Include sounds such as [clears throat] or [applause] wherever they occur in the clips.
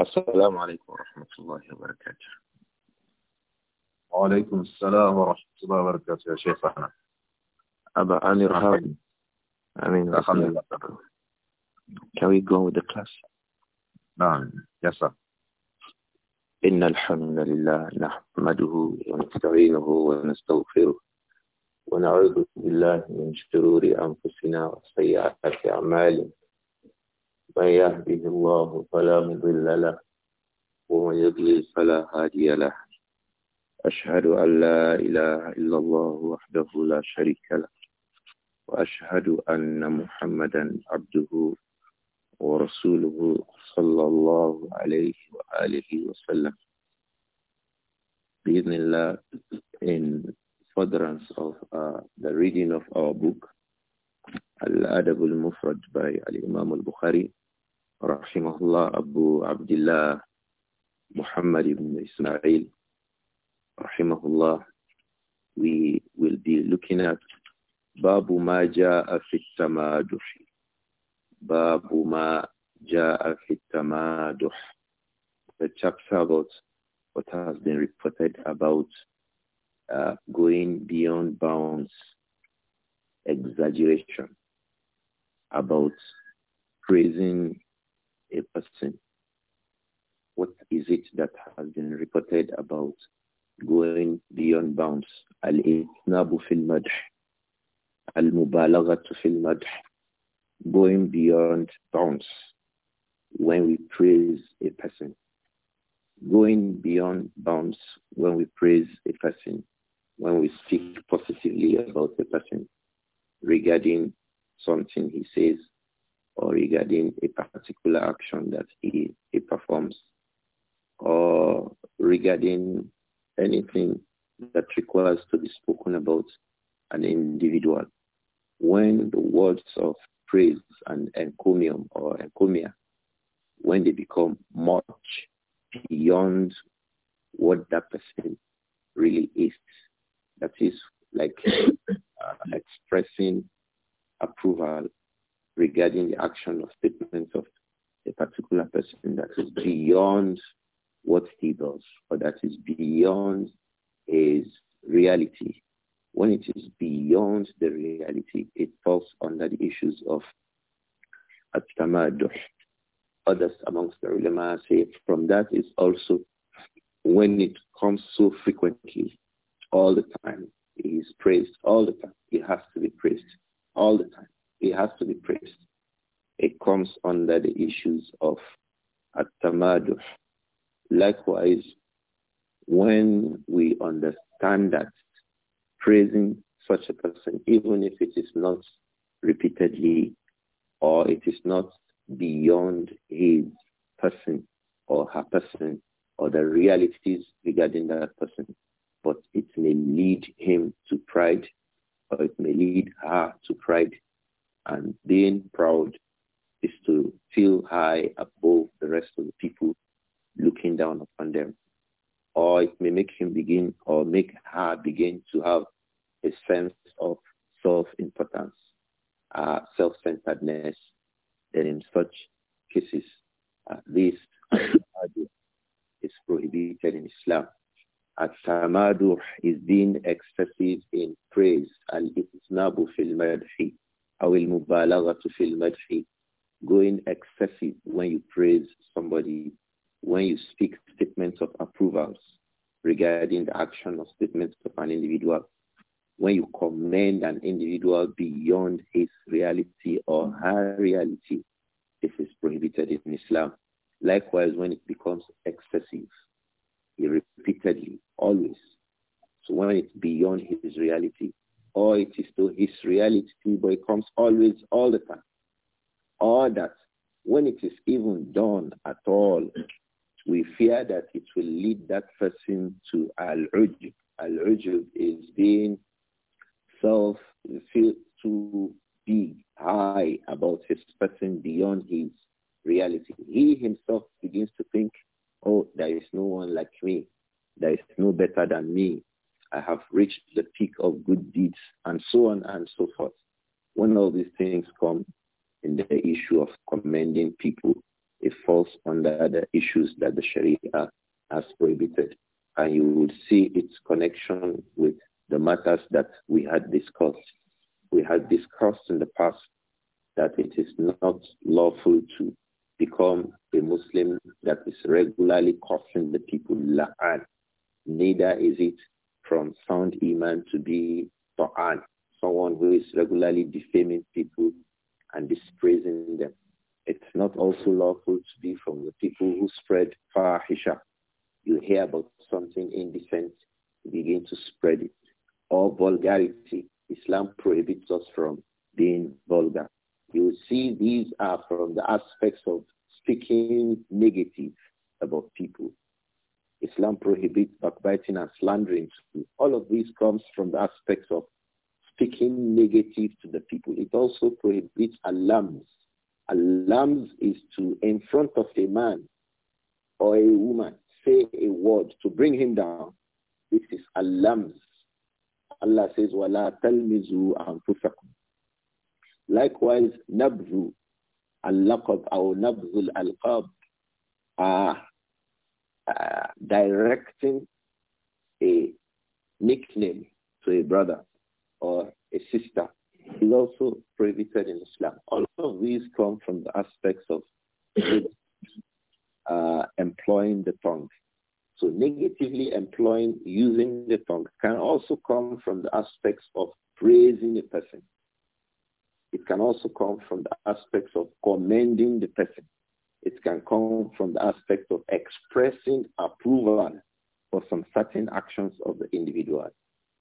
السلام عليكم ورحمة الله وبركاته وعليكم السلام ورحمة الله وبركاته يا شيخ أحمد أبا عامر هارون أمين الحمد Can we go with the class? نعم Yes sir إن الحمد لله نحمده ونستعينه ونستغفره ونعوذ بالله من شرور أنفسنا وسيئات أعمالنا من يهده الله فلا مضل له ومن يضلل فلا هادي له أشهد أن لا إله إلا الله وحده لا شريك له وأشهد أن محمدا عبده ورسوله صلى الله عليه وآله وسلم بإذن الله in furtherance of uh, the reading of our book Al-Adab al-Mufrad by Al-Imam al-Bukhari rahimahullah Abu Abdullah Muhammad ibn Ismail rahimahullah we will be looking at Babu ma jaa fi tamaduh Babu ma jaa fi tamaduh the chapter about what has been reported about uh, going beyond bounds exaggeration about praising a person? What is it that has been reported about going beyond bounds? Al-Itnabu fil madh. Al-Mubalaghatu fil madh. Going beyond bounds when we praise a person. Going beyond bounds when we praise a person. When we speak positively about a person regarding something he says or regarding a particular action that he, he performs or regarding anything that requires to be spoken about an individual. When the words of praise and encomium or encomia, when they become much beyond what that person really is, that is like [coughs] uh, expressing approval regarding the action or statements of a particular person that is beyond what he does or that is beyond his reality. When it is beyond the reality, it falls under the issues of at Others amongst the ulama say from that is also when it comes so frequently, all the time, he is praised all the time. He has to be praised all the time. It has to be praised. It comes under the issues of at-tamaduh. Likewise, when we understand that praising such a person, even if it is not repeatedly or it is not beyond his person or her person or the realities regarding that person, but it may lead him to pride or it may lead her to pride and being proud is to feel high above the rest of the people looking down upon them. Or it may make him begin or make her begin to have a sense of self-importance, uh, self-centeredness. And in such cases, uh, this is prohibited in Islam. at tamadur is being excessive in praise. Al-itnabu fil madhi أو المبالغة في المدح going excessive when you praise somebody, when you speak statements of approvals regarding the action or statements of an individual, when you commend an individual beyond his reality or her reality, this is prohibited in Islam. Likewise, when it becomes excessive, he repeatedly, always. So when it's beyond his reality, or it is to his reality, but it comes always, all the time. Or that when it is even done at all, we fear that it will lead that person to al-ujub. Al-ujub is being self, feel too big, high about his person beyond his reality. He himself begins to think, oh, there is no one like me. There is no better than me. I have reached the peak of good deeds, and so on and so forth. When all these things come in the issue of commending people, it falls under the issues that the Sharia has prohibited. And you would see its connection with the matters that we had discussed. We had discussed in the past that it is not lawful to become a Muslim that is regularly cursing the people la'an. Neither is it from sound iman to be ta'an, someone who is regularly defaming people and dispraising them. It's not also lawful to be from the people who spread fahisha. You hear about something indecent, you begin to spread it. Or vulgarity. Islam prohibits us from being vulgar. You see these are from the aspects of speaking negative about people. Islam prohibits backbiting and slandering. All of this comes from the aspects of speaking negative to the people. It also prohibits alams. Alams is to, in front of a man or a woman, say a word to bring him down. This is alams. Allah says, وَلَا تَلْمِزُوا anfusakum." Likewise, nabzu al-laqab or nabzu al qab Ah, uh, directing a nickname to a brother or a sister is also prohibited in Islam. All of these come from the aspects of uh, employing the tongue. So negatively employing, using the tongue can also come from the aspects of praising a person. It can also come from the aspects of commending the person. It can come from the aspect of expressing approval for some certain actions of the individual.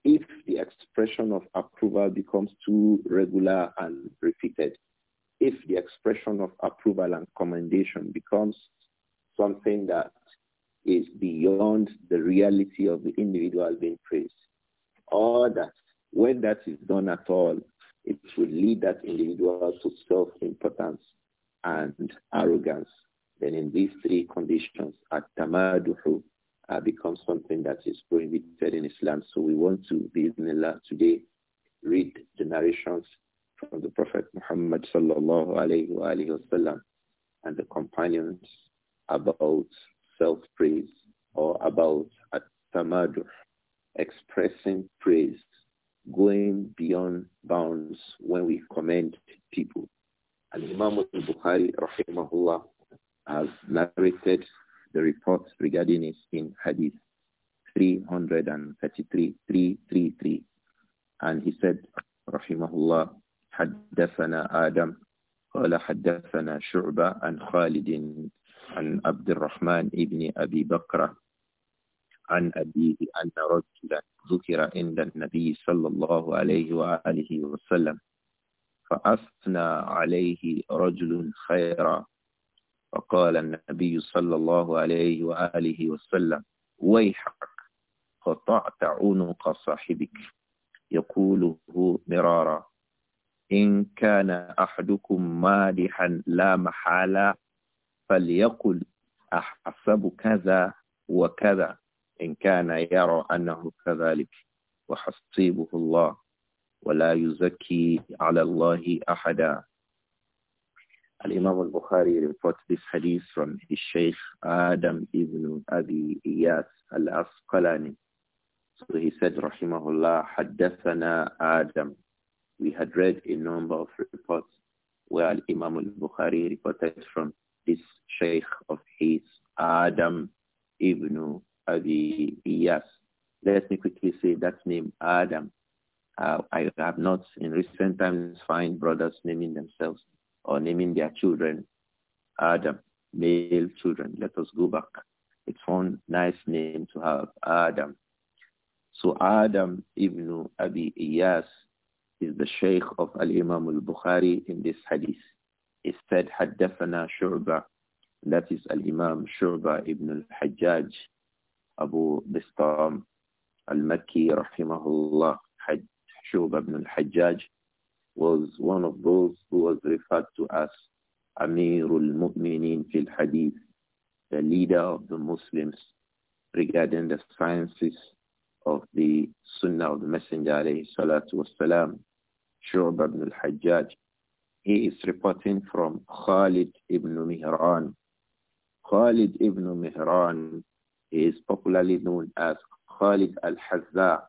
If the expression of approval becomes too regular and repeated, if the expression of approval and commendation becomes something that is beyond the reality of the individual being praised, or that when that is done at all, it will lead that individual to self-improvement then in these three conditions, at-tamaduhu uh, becomes something that is prohibited in Islam. So we want to, in bismillah, today read the narrations from the Prophet Muhammad sallallahu alayhi wa alayhi wasallam and the companions about self-praise or about at-tamaduh, expressing praise, going beyond bounds when we commend people Al-Imam al-Bukhari, rahimahullah, has narrated the reports regarding it in Hadith 333, 333. And he said, rahimahullah, حدثنا آدم قال حدثنا شعبة عن خالد عن عبد الرحمن ابن أبي بكرة عن أبيه أن رجلا ذكر عند النبي صلى الله عليه وآله وسلم فأثنى عليه رجل خيرا فقال النبي صلى الله عليه وآله وسلم ويحك قطعت عنق صاحبك يقوله مرارا إن كان أحدكم مادحا لا محالة فليقل أحسب كذا وكذا إن كان يرى أنه كذلك وحصيبه الله وَلَا يُزَكِّي عَلَى اللَّهِ أَحَدًا Al-Imam al-Bukhari reports this hadith from his Shaykh Adam ibn Abi Iyas al-Asqalani. So he said, Rahimahullah, Haddathana Adam. We had read a number of reports where Al-Imam al-Bukhari reported from this Shaykh of his, Adam ibn Abi Iyas. Let me quickly say that name, Adam. Uh, I have not in recent times find brothers naming themselves or naming their children Adam, uh, male children. Let us go back. It's one nice name to have, Adam. So Adam ibn Abi Iyas is the Shaykh of Al-Imam al-Bukhari in this hadith. He said, Haddathana Shurba. That is Al-Imam Shurba ibn al-Hajjaj, Abu Bistam al-Makki, rahimahullah. Shub ibn al-Hajjaj was one of those who was referred to as Amirul Mu'minin fil Hadith, the leader of the Muslims regarding the sciences of the Sunnah of the Messenger alayhi salatu wasalam, Shub ibn al-Hajjaj. He is reporting from Khalid ibn Mihran. Khalid ibn Mihran is popularly known as Khalid al-Hazza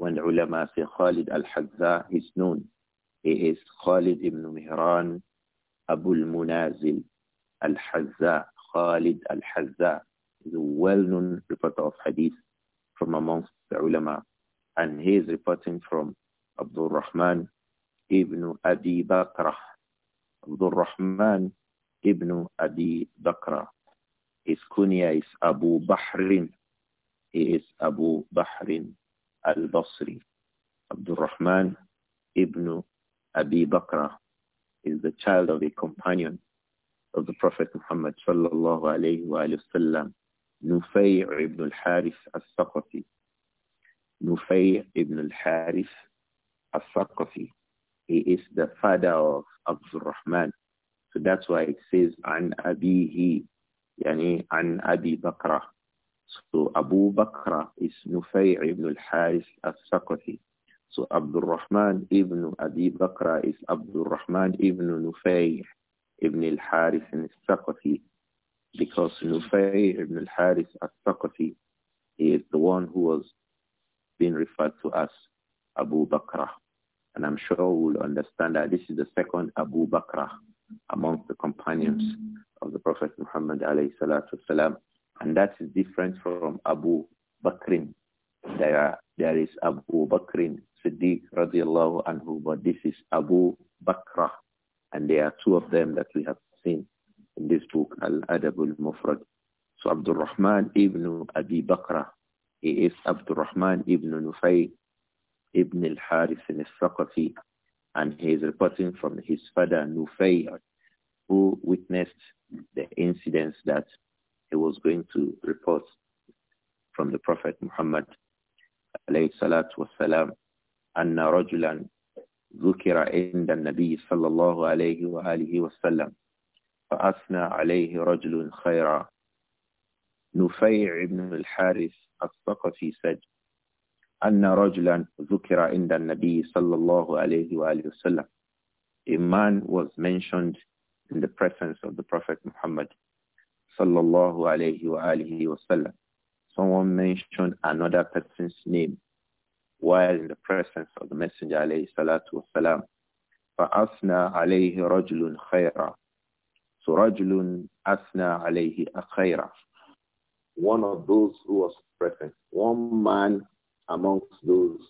When the ulama say Khalid al-Hazza, he's known. He is Khalid ibn Mihran Abu al-Munazil al-Hazza. Khalid al-Hazza is a well-known reporter of hadith from amongst the ulama. And he is reporting from Abdul Rahman ibn Abi Bakrah. Abdul Rahman ibn Abi Bakrah. His kunya is Abu Bahrin. He is Abu Bahrin. al-Basri. Abdul Rahman ibn Abi Bakr is the child of a companion of the Prophet Muhammad sallallahu alayhi wa sallam, Nufay ibn al-Harith al-Saqafi. Nufay ibn al-Harith al-Saqafi. He is the father of Abdul Rahman. So that's why it says, an abihi, yani an Abi Bakr. So Abu Bakr is Nufay ibn al-Haris al-Saqafi. So Abdul Rahman ibn Abi Bakr is Abdul Rahman ibn Nufay ibn al-Haris al-Saqafi. Because Nufay ibn al-Haris al-Saqafi is the one who was being referred to as Abu Bakr. And I'm sure we'll understand that this is the second Abu Bakr amongst the companions of the Prophet Muhammad alayhi salatu wasalam. And that is different from Abu Bakrin. There, there is Abu Bakrin Siddiq radiallahu anhu, but this is Abu Bakra. And there are two of them that we have seen in this book, Al-Adab al-Mufrad. So Abdul Rahman ibn Abi Bakra, he is Abdul Rahman ibn Nufay ibn al-Harith al-Thaqafi, and he is reporting from his father Nufay, who witnessed the incidents that he was going to report from the Prophet Muhammad alayhi salatu wasalam anna rajulan zukira inda nabi sallallahu alayhi wa alihi wasallam fa'asna alayhi rajulun khayra Nufay' ibn al-Haris al-Saqafi said anna rojilan zukira inda nabi sallallahu alayhi wa alihi wasallam a man was mentioned in the presence of the Prophet Muhammad sallallahu alayhi wa alihi Someone mentioned another person's name while in the presence of the Messenger alayhi salatu فأثنى عليه رجل خيرا. So رجل أثنى عليه One of those who was present, one man amongst those.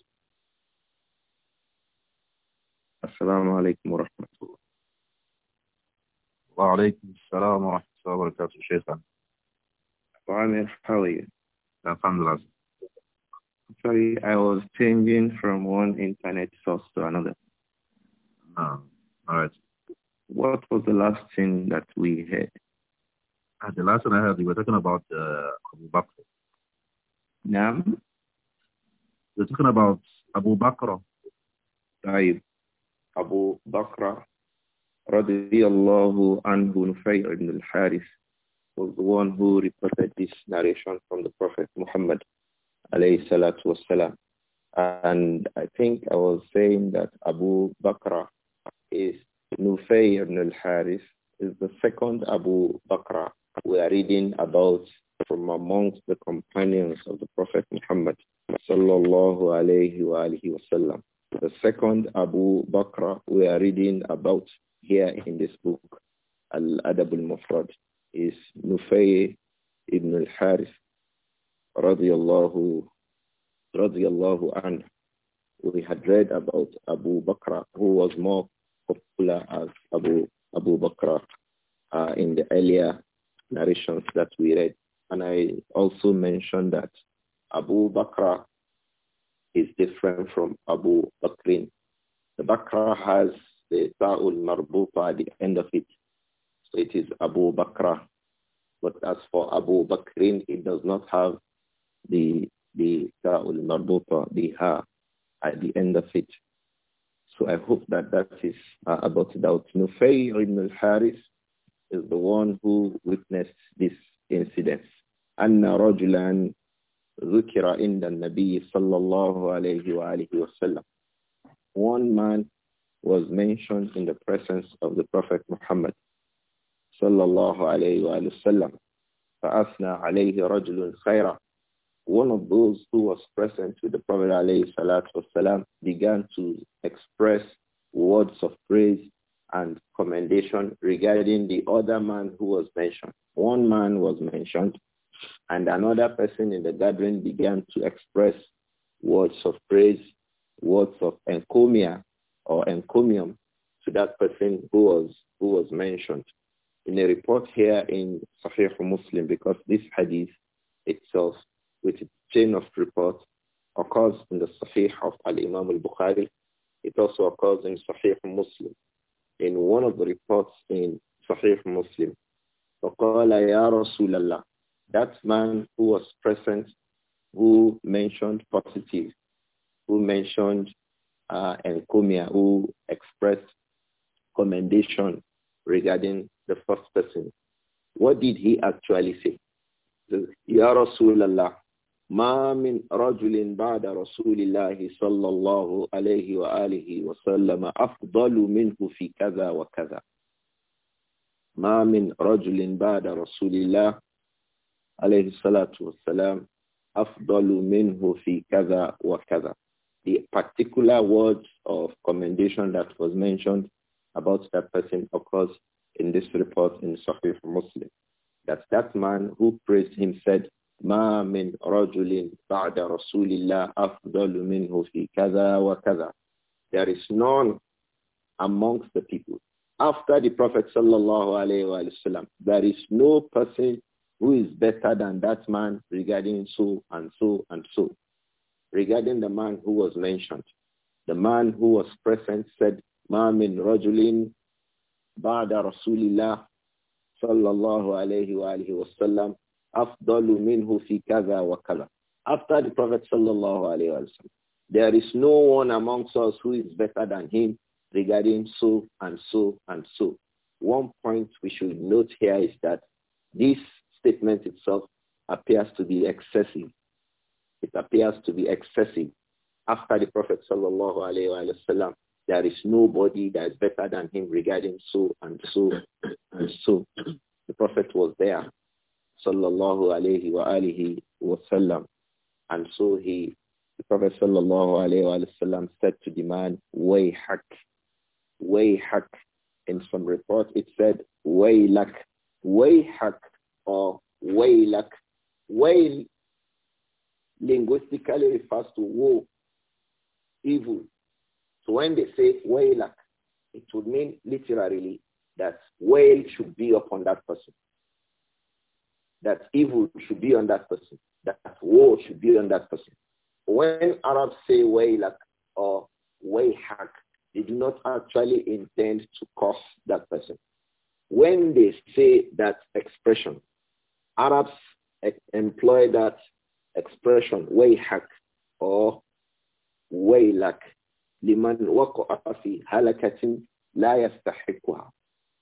السلام عليكم Wa الله. السلام عليكم ورحمة الله شيخنا وعامر how are you? Alhamdulillah. Sorry, I was changing from one internet source to another. No. All right. What was the last thing that we heard? At ah, the last one I heard, we were talking about uh, Abu Bakr. Nam? No? We were talking about Abu Bakr. Right. Abu Bakr رضي Anhu Nufayr ibn al-Harith was the one who reported this narration from the Prophet Muhammad alayhi salatu wasalam. And I think I was saying that Abu Bakr is Nufayr ibn al-Harith is the second Abu Bakr we are reading about from amongst the companions of the Prophet Muhammad sallallahu alayhi wa alihi wasallam. The second Abu Bakr we are reading about here in this book, Al-Adab al-Mufrad, is Nufay ibn al-Harith, radiallahu, radiallahu anhu. We had read about Abu Bakr, who was more popular as Abu, Abu Bakr uh, in the earlier narrations that we read. And I also mentioned that Abu Bakr is different from Abu Bakrin. The Bakr has the Sa'ul Marbuta at the end of it. So it is Abu Bakra. But as for Abu Bakrin, it does not have the the Sa'ul Marbuta, the Ha at the end of it. So I hope that that is uh, about doubt. Nufayr ibn al-Haris is the one who witnessed this incident. أن رجلا ذكر عند النبي صلى الله عليه وآله وسلم. One man was mentioned in the presence of the Prophet Muhammad sallallahu alayhi wa sallam. فَأَثْنَى عَلَيْهِ رَجُلٌ خَيْرًا One of those who was present with the Prophet alayhi salatu wasalam began to express words of praise and commendation regarding the other man who was mentioned. One man was mentioned and another person in the gathering began to express words of praise, words of encomia or encomium to that person who was who was mentioned. In a report here in Sahih Muslim, because this hadith itself, with its chain of reports, occurs in the Sahih of Al-Imam al-Bukhari. It also occurs in Sahih Muslim. In one of the reports in Sahih Muslim, That man who was present, who mentioned positive, who mentioned uh, Enkomia who expressed commendation regarding the first person. What did he actually say? يا رسول الله ما من رجل بعد رسول الله صلى الله عليه وآله وسلم أفضل منه في كذا وكذا ما من رجل بعد رسول الله عليه الصلاة والسلام أفضل منه في كذا وكذا the particular words of commendation that was mentioned about that person occurs in this report in Sahih Muslim. That that man who praised him said, "Ma من Rajulin بعد رسول الله أفضل منه في كذا وكذا. There is none amongst the people. After the Prophet sallallahu alaihi wasallam, there is no person who is better than that man regarding so and so and so regarding the man who was mentioned. The man who was present said, ما من رجل بعد رسول أفضل منه في كذا وكذا. After the Prophet sallallahu alayhi wa there is no one amongst us who is better than him regarding so and so and so. One point we should note here is that this statement itself appears to be excessive it appears to be excessive. After the Prophet sallallahu there is nobody that is better than him regarding so and so and so. The Prophet was there, sallallahu wa alihi and so he, the Prophet sallallahu said to the man, "Wayhak, wayhak." In some reports, it said, "Waylak, wayhak," or "Waylak." Wayl linguistically refers to woe, evil. So when they say wailak, it would mean literally that wail should be upon that person. That evil should be on that person. That woe should be on that person. When Arabs say wailak or wayhak, they do not actually intend to curse that person. When they say that expression, Arabs employ that expression wayhak or waylak liman waqa'a fi halakatin la yastahiquha.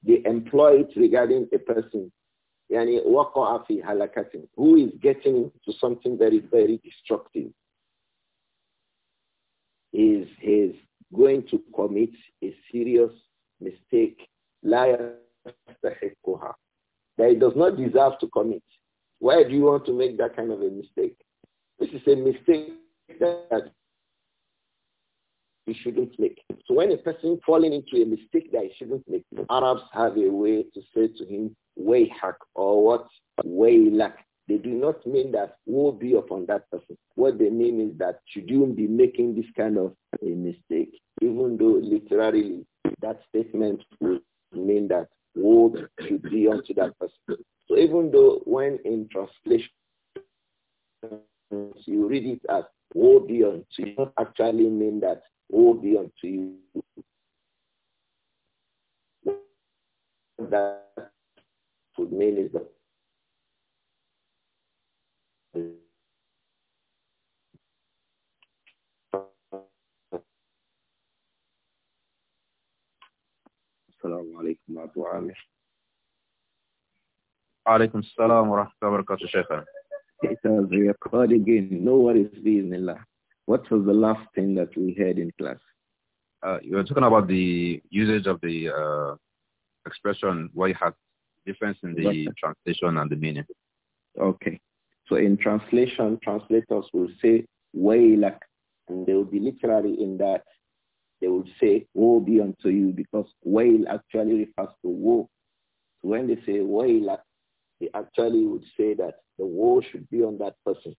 They employ it regarding a person yani waqa'a fi halakatin who is getting to something very very destructive is is going to commit a serious mistake la yastahiquha that he does not deserve to commit why do you want to make that kind of a mistake? This is a mistake that you shouldn't make. So when a person falling into a mistake that he shouldn't make, Arabs have a way to say to him, way hack or what? way lack. They do not mean that will be upon that person. What they mean is that should you be making this kind of a mistake, even though literally that statement would mean that would should be onto that person even though when in translation you read it as woe be unto you, actually mean that woe be unto you. That would mean is that السلام عليكم ورحمة الله Alaikum salam wa rahmatullahi wa barakatuh, It has recorded again. No worries, bismillah. What was the last thing that we heard in class? Uh, you were talking about the usage of the uh, expression why had difference in the translation and the meaning. Okay. So in translation, translators will say wailak, and they will be literally in that they will say woe be unto you because wail actually refers to woe. So when they say wailak, they actually would say that the woe should be on that person.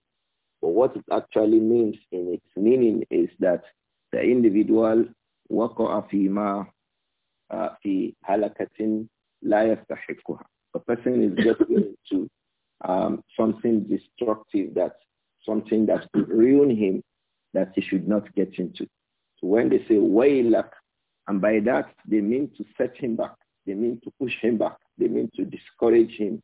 But what it actually means in its meaning is that the individual uh, The person is just into [coughs] um, something destructive that something that could ruin him that he should not get into. So when they say wailak, and by that they mean to set him back, they mean to push him back, they mean to discourage him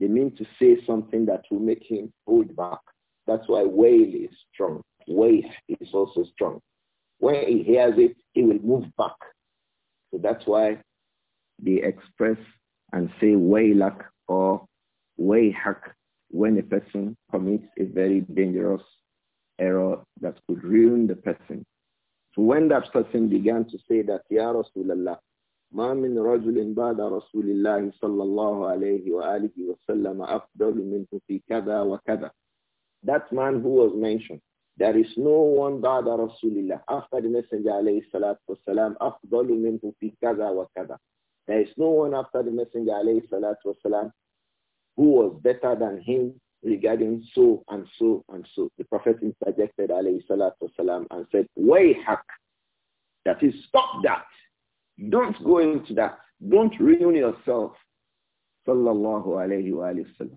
they mean to say something that will make him hold back. That's why wail is strong. Whale is also strong. When he hears it, he will move back. So that's why they express and say wailak or wayhak when a person commits a very dangerous error that could ruin the person. So when that person began to say that, Ya Rasulallah, ما من رجل بعد رسول الله صلى الله عليه وآله وسلم أفضل منه في كذا وكذا. That man who was mentioned, there is no one بعد رسول الله after the messenger عليه الصلاة والسلام أفضل منه في كذا وكذا. There is no one after the messenger عليه الصلاة والسلام who was better than him regarding so and so and so. The prophet interjected عليه الصلاة والسلام and said, ويحك. That is, stop that. Don't go into that. Don't ruin yourself. Sallallahu alayhi wa sallam.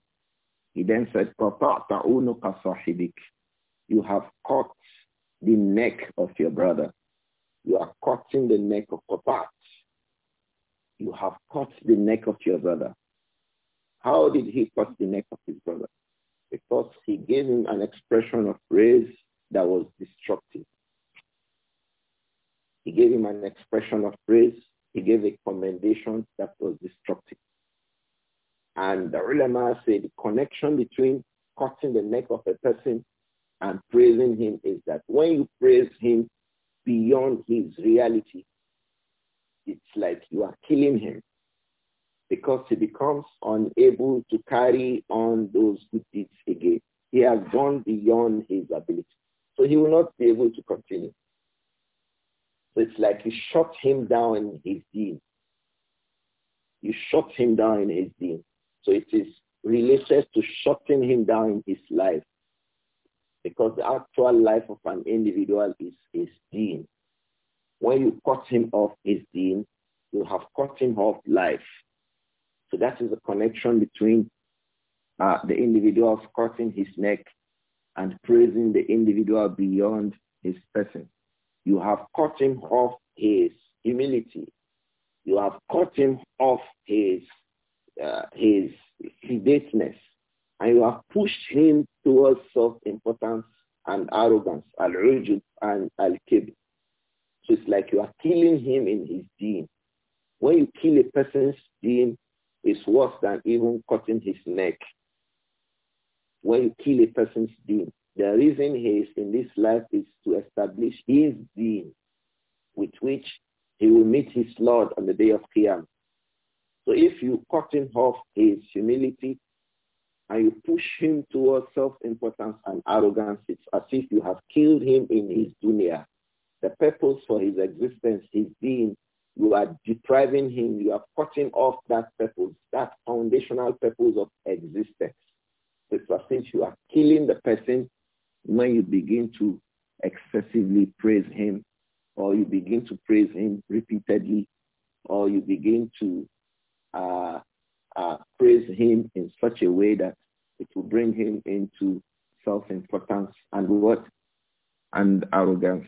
He then said, You have cut the neck of your brother. You are cutting the neck of Qatat. You have cut the neck of your brother. How did he cut the neck of his brother? Because he gave him an expression of praise that was destructive. He gave him an expression of praise. He gave a commendation that was destructive. And the ulama said the connection between cutting the neck of a person and praising him is that when you praise him beyond his reality, it's like you are killing him because he becomes unable to carry on those good deeds again. He has gone beyond his ability. So he will not be able to continue. So it's like you shut him down in his deed. You shut him down in his deed. So it is related to shutting him down in his life. Because the actual life of an individual is his deed. When you cut him off his deed, you have cut him off life. So that is the connection between uh, the individual cutting his neck and praising the individual beyond his person. You have cut him off his humility. You have cut him off his, uh, his sedateness. And you have pushed him towards self-importance and arrogance, al-ujub and al-kibr. So it's like you are killing him in his deen. When you kill a person's deen, it's worse than even cutting his neck. When you kill a person's deen, the reason he is in this life is to establish his deen with which he will meet his Lord on the day of Qiyam. So if you cut him off his humility and you push him towards self-importance and arrogance, it's as if you have killed him in his dunya. The purpose for his existence, his being, you are depriving him, you are cutting off that purpose, that foundational purpose of existence. It's as if you are killing the person when you begin to excessively praise him, or you begin to praise him repeatedly, or you begin to uh, uh, praise him in such a way that it will bring him into self-importance and what? And arrogance.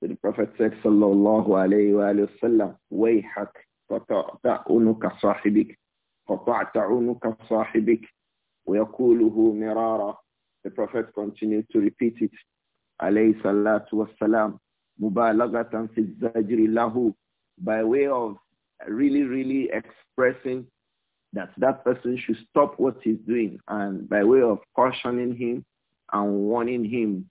So the Prophet said, Sallallahu alayhi wa sallam, وَيْحَكْ قَطَعْتَ عُنُكَ صَاحِبِكَ قَطَعْتَ عُنُكَ صَاحِبِكَ وَيَقُولُهُ مِرَارًا the Prophet continued to repeat it. Alayhi salatu wassalam. Mubalagatan fi zajri lahu. By way of really, really expressing that that person should stop what he's doing and by way of cautioning him and warning him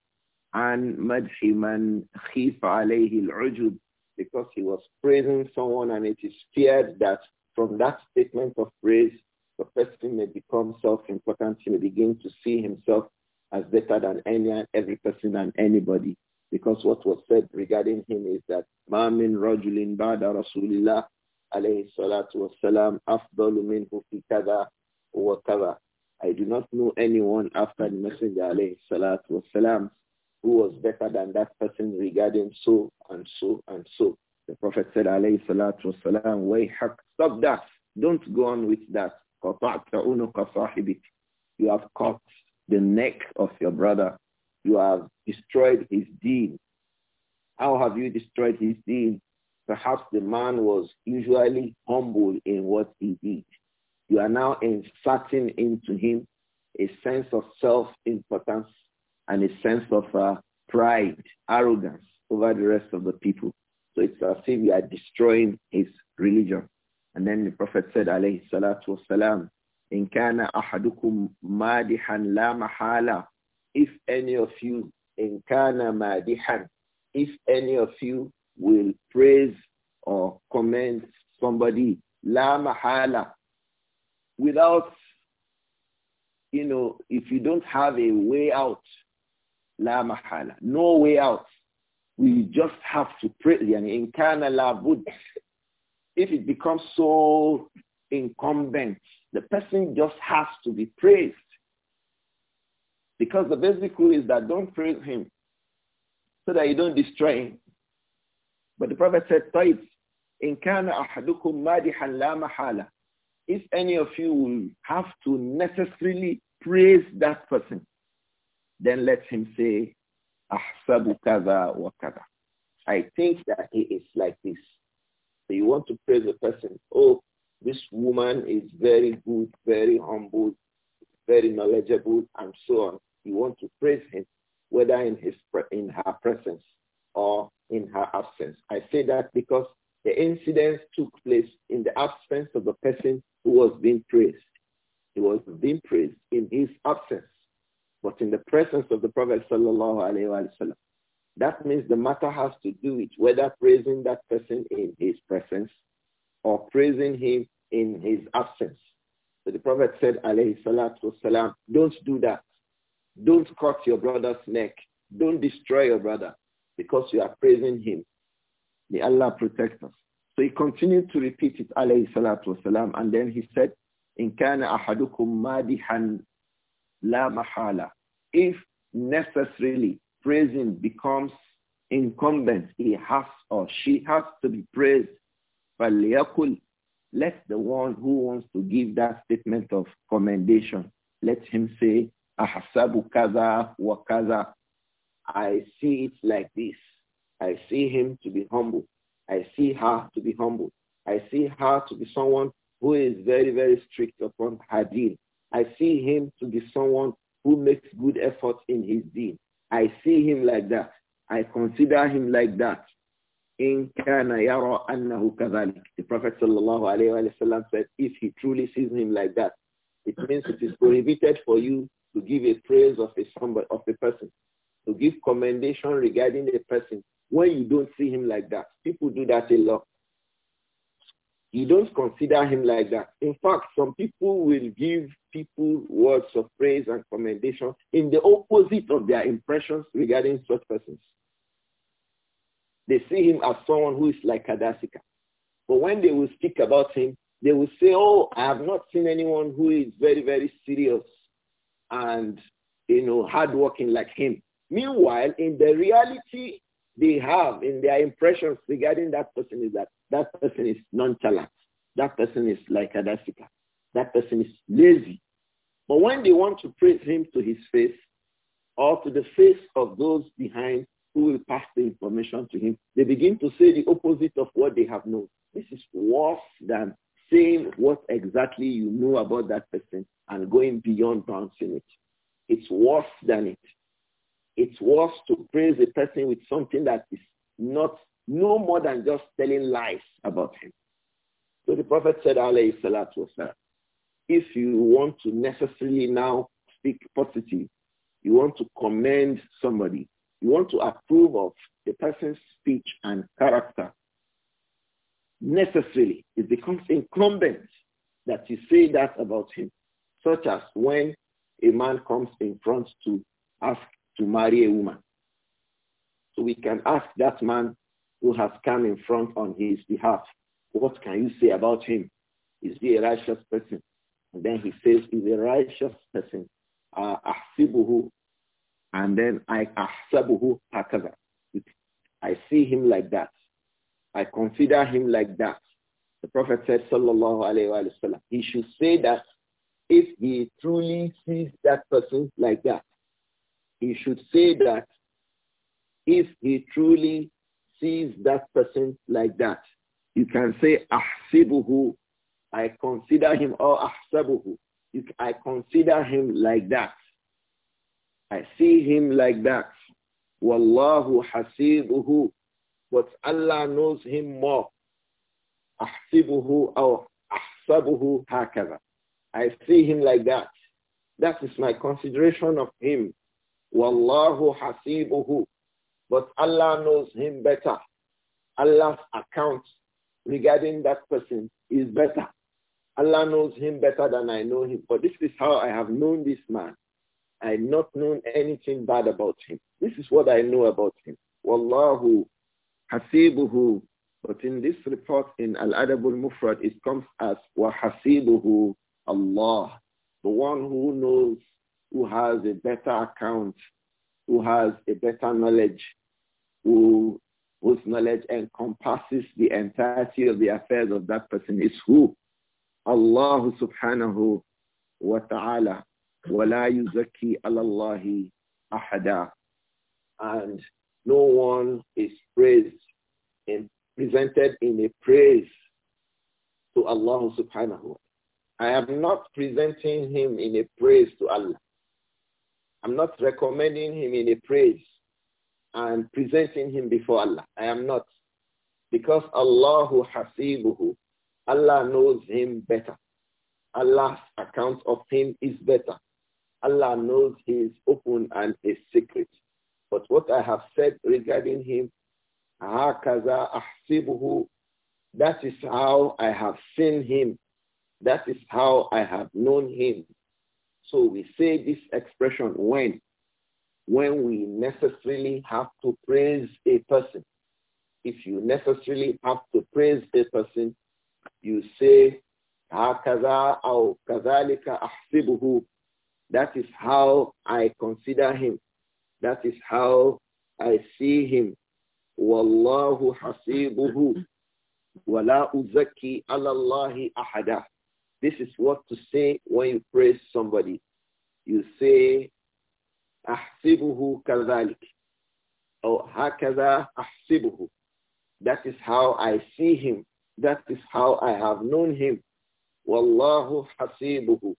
and madhiman man khifa alayhi al because he was praising someone and it is feared that from that statement of praise the person may become self-important. He may begin to see himself as better than any and every person and anybody. Because what was said regarding him is that Ma'amin Rajulin Bada Rasulillah alayhi salatu wasalam afdalu minhu fi kada wa kada. I do not know anyone after the Messenger alayhi salatu wasalam who was better than that person regarding so and so and so. The Prophet said alayhi salatu wasalam, wayhak, stop that. Don't go on with that. You have cut the neck of your brother. You have destroyed his deed. How have you destroyed his deed? Perhaps the man was usually humble in what he did. You are now inserting into him a sense of self-importance and a sense of uh, pride, arrogance over the rest of the people. So it's as if you are destroying his religion. And then the Prophet said, alayhi salatu wasalam, in kana if any of you in kana if any of you will praise or commend somebody لا mahala without you know if you don't have a way out لا mahala no way out we just have to pray يعني إن كان لابد if it becomes so incumbent the person just has to be praised. Because the basic rule is that don't praise him so that you don't destroy him. But the Prophet said, Taib, in kana ahadukum madihan la mahala. If any of you will have to necessarily praise that person, then let him say, ahsabu kaza wa kaza. I think that he is like this. So you want to praise a person, oh, this woman is very good, very humble, very knowledgeable, and so on. You want to praise him, whether in, his, in her presence or in her absence. I say that because the incident took place in the absence of the person who was being praised. He was being praised in his absence, but in the presence of the Prophet sallallahu That means the matter has to do with whether praising that person in his presence or praising him in his absence. So the Prophet said, alayhi salatu salam." don't do that. Don't cut your brother's neck. Don't destroy your brother because you are praising him. May Allah protect us. So he continued to repeat it, alayhi salatu salam." and then he said, in kana ahadukum madihan la mahala. If necessarily praising becomes incumbent, he has or she has to be praised فَلْيَقُلْ Let the one who wants to give that statement of commendation, let him say, أَحْسَبُ كَذَا وَكَذَا I see it like this. I see him to be humble. I see her to be humble. I see her to be someone who is very, very strict upon her I see him to be someone who makes good efforts in his deed. I see him like that. I consider him like that in كان يرى The Prophet sallallahu alayhi wa said, if he truly sees him like that, it means it is prohibited for you to give a praise of a somebody, of a person, to give commendation regarding a person when you don't see him like that. People do that a lot. You don't consider him like that. In fact, some people will give people words of praise and commendation in the opposite of their impressions regarding such persons. They see him as someone who is like Kadasika. But when they will speak about him, they will say, oh, I have not seen anyone who is very, very serious and, you know, hardworking like him. Meanwhile, in the reality they have, in their impressions regarding that person is that that person is nonchalant. That person is like Adasika. That person is lazy. But when they want to praise him to his face or to the face of those behind, who will pass the information to him, they begin to say the opposite of what they have known. This is worse than saying what exactly you know about that person and going beyond bouncing it. It's worse than it. It's worse to praise a person with something that is not no more than just telling lies about him. So the Prophet said, alayhi salatu wasalam, if you want to necessarily now speak positive, you want to commend somebody, you want to approve of the person's speech and character. Necessarily, it becomes incumbent that you say that about him, such as when a man comes in front to ask to marry a woman. So we can ask that man who has come in front on his behalf, what can you say about him? Is he a righteous person? And then he says, he's a righteous person. Uh, and then I ahsabuhu hakaza. I see him like that. I consider him like that. The Prophet said, sallallahu alaihi wasallam. he should say that if he truly sees that person like that. He should say that if he truly sees that person like that. You can say, ahsibuhu, I consider him, or ahsabuhu, I consider him like that. I see him like that. Wallahu hasibuhu. But Allah knows him more. Ahsibuhu or ahsabuhu hakada. I see him like that. That is my consideration of him. Wallahu hasibuhu. But Allah knows him better. Allah's account regarding that person is better. Allah knows him better than I know him. But this is how I have known this man. I've not known anything bad about him. This is what I know about him. Wallahu hasibuhu. But in this report in Al-Adabul Mufrad, it comes as wa hasibuhu Allah. The one who knows, who has a better account, who has a better knowledge, who, whose knowledge encompasses the entirety of the affairs of that person is who? Allah subhanahu wa ta'ala. وَلَا يُزَكِّي عَلَى اللَّهِ أَحَدًا And no one is praised and presented in a praise to Allah subhanahu wa I am not presenting him in a praise to Allah. I'm not recommending him in a praise and presenting him before Allah. I am not. Because Allahu hasibuhu. Allah knows him better. Allah's account of him is better. Allah knows his open and his secret. But what I have said regarding him, that is how I have seen him. That is how I have known him. So we say this expression when, when we necessarily have to praise a person. If you necessarily have to praise a person, you say, هكذا أو that is how I consider him. That is how I see him. Wallahu hasibuhu. la uzaki alallahi ahada. This is what to say when you praise somebody. You say, ahsibuhu kazalik. Or hakaza ahsibuhu. That is how I see him. That is how I have known him. Wallahu hasibuhu.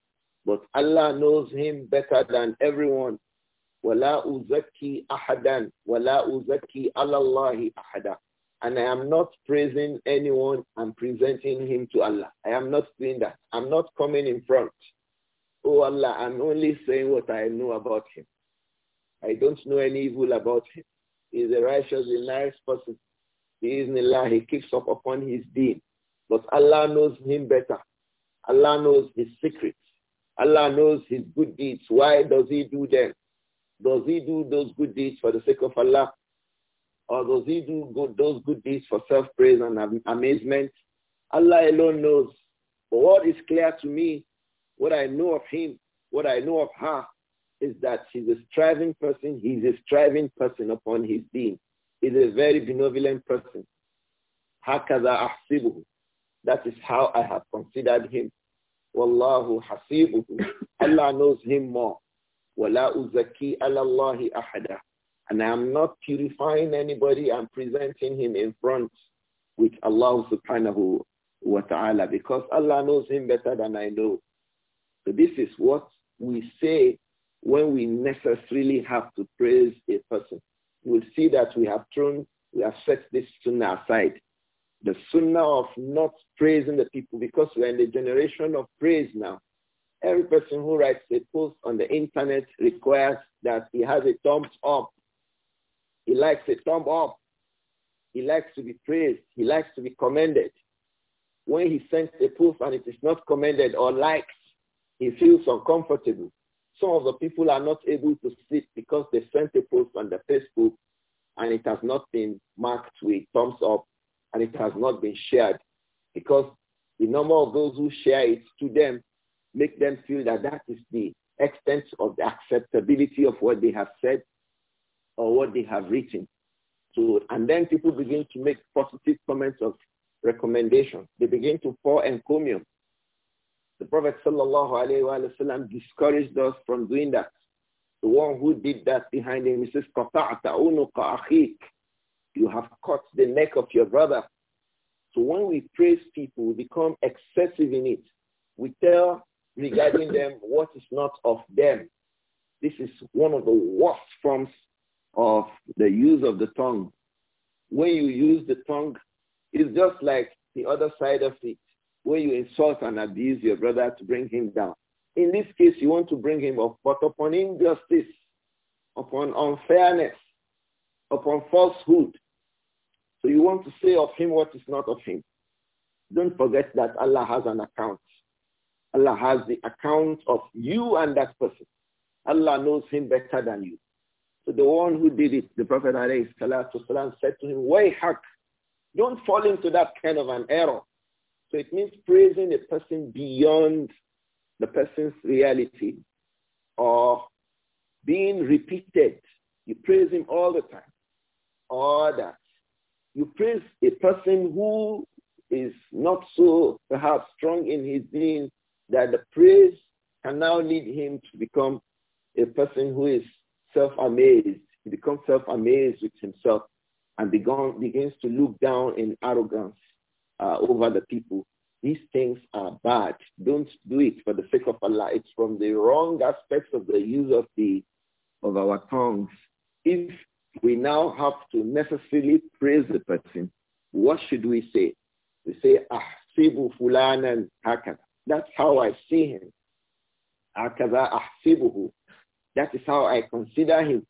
But Allah knows him better than everyone. وَلَا أُزَكِّي أَحَدًا وَلَا أُزَكِّي عَلَى اللَّهِ أَحَدًا And I am not praising anyone. I'm presenting him to Allah. I am not doing that. I'm not coming in front. Oh Allah, I'm only saying what I know about him. I don't know any evil about him. He's a righteous and nice person. He is in Allah. He keeps up upon his deen. But Allah knows him better. Allah knows his secrets. Allah knows his good deeds. Why does he do them? Does he do those good deeds for the sake of Allah? Or does he do good, those good deeds for self-praise and amazement? Allah alone knows. But what is clear to me, what I know of him, what I know of her, is that she's a striving person. He's a striving person upon his deen. He's a very benevolent person. That is how I have considered him. Wallahu hasibuhu. Allah knows him more. Wala uzaki alallahi ahada. And I am not purifying anybody. I'm presenting him in front with Allah subhanahu wa ta'ala because Allah knows him better than I know. So this is what we say when we necessarily have to praise a person. You will see that we have thrown, we have set this sunnah aside. The sunnah of not praising the people because we're in the generation of praise now. Every person who writes a post on the internet requires that he has a thumbs up. He likes a thumb up. He likes to be praised. He likes to be commended. When he sends a post and it is not commended or liked, he feels uncomfortable. Some of the people are not able to sit because they sent a post on the Facebook and it has not been marked with thumbs up and it has not been shared because the number of those who share it to them make them feel that that is the extent of the acceptability of what they have said or what they have written. So, and then people begin to make positive comments of recommendation. They begin to pour encomium. The Prophet wasallam discouraged us from doing that. The one who did that behind him, he says, you have cut the neck of your brother. So when we praise people, we become excessive in it. We tell regarding them [laughs] what is not of them. This is one of the worst forms of the use of the tongue. When you use the tongue, it's just like the other side of it, where you insult and abuse your brother to bring him down. In this case, you want to bring him up, but upon injustice, upon unfairness, upon falsehood, so you want to say of him what is not of him. Don't forget that Allah has an account. Allah has the account of you and that person. Allah knows him better than you. So the one who did it, the Prophet والسلام, said to him, Wayhak, don't fall into that kind of an error. So it means praising a person beyond the person's reality or being repeated. You praise him all the time. Or that you praise a person who is not so perhaps strong in his being that the praise can now lead him to become a person who is self-amazed. He becomes self-amazed with himself and begun, begins to look down in arrogance uh, over the people. These things are bad. Don't do it for the sake of Allah. It's from the wrong aspects of the use of the of our tongues. If we now have to necessarily praise the person. What should we say? We say, "Ah, sibu fulanan hakada. That's how I see him. Hakada ahsibuhu. That is how I consider him.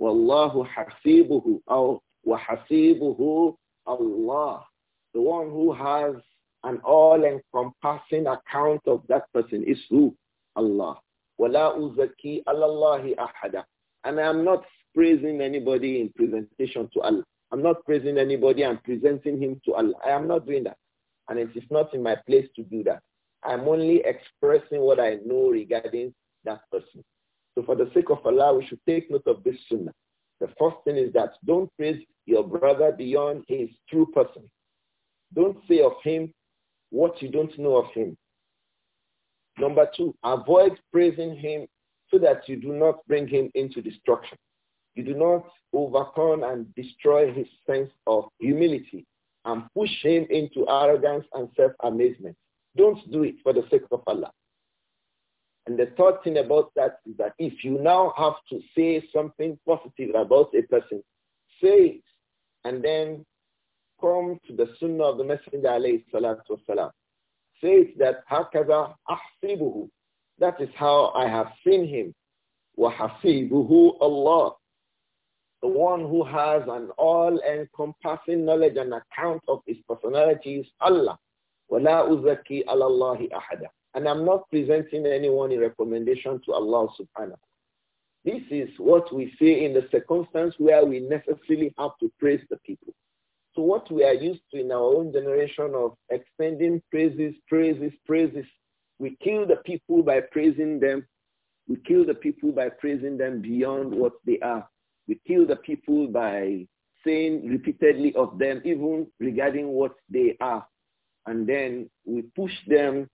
Wallahu hasibuhu. Or hasibuhu. Allah. The one who has an all-encompassing account of that person is who? Allah. وَلَا أُزَكِي عَلَى اللَّهِ أَحَدًا And I am not praising anybody in presentation to Allah. I'm not praising anybody I'm presenting him to Allah. I am not doing that. And it is not in my place to do that. I'm only expressing what I know regarding that person. So for the sake of Allah, we should take note of this sunnah. The first thing is that don't praise your brother beyond his true person. Don't say of him what you don't know of him. Number two, avoid praising him so that you do not bring him into destruction. You do not overcome and destroy his sense of humility and push him into arrogance and self-amazement. Don't do it for the sake of Allah. And the third thing about that is that if you now have to say something positive about a person, say it and then come to the sunnah of the Messenger alayhi salatu wasalam. Say it that hakaza ahsibuhu. That is how I have seen him. Wa hasibuhu Allah the one who has an all-encompassing knowledge and account of his personality is Allah. وَلَا أُزَكِي عَلَى اللَّهِ أَحَدًا And I'm not presenting anyone in recommendation to Allah subhanahu. This is what we say in the circumstance where we necessarily have to praise the people. So what we are used to in our own generation of extending praises, praises, praises, we kill the people by praising them. We kill the people by praising them beyond what they are. We kill the people by saying repeatedly of them, even regarding what they are. And then we push them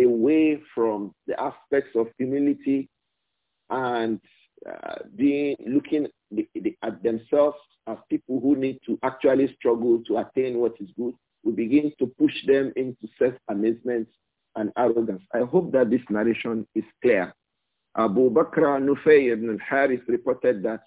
away from the aspects of humility and uh, being looking the, the, at themselves as people who need to actually struggle to attain what is good. We begin to push them into self-amazement and arrogance. I hope that this narration is clear. Abu Bakr Nufay ibn al-Harith reported that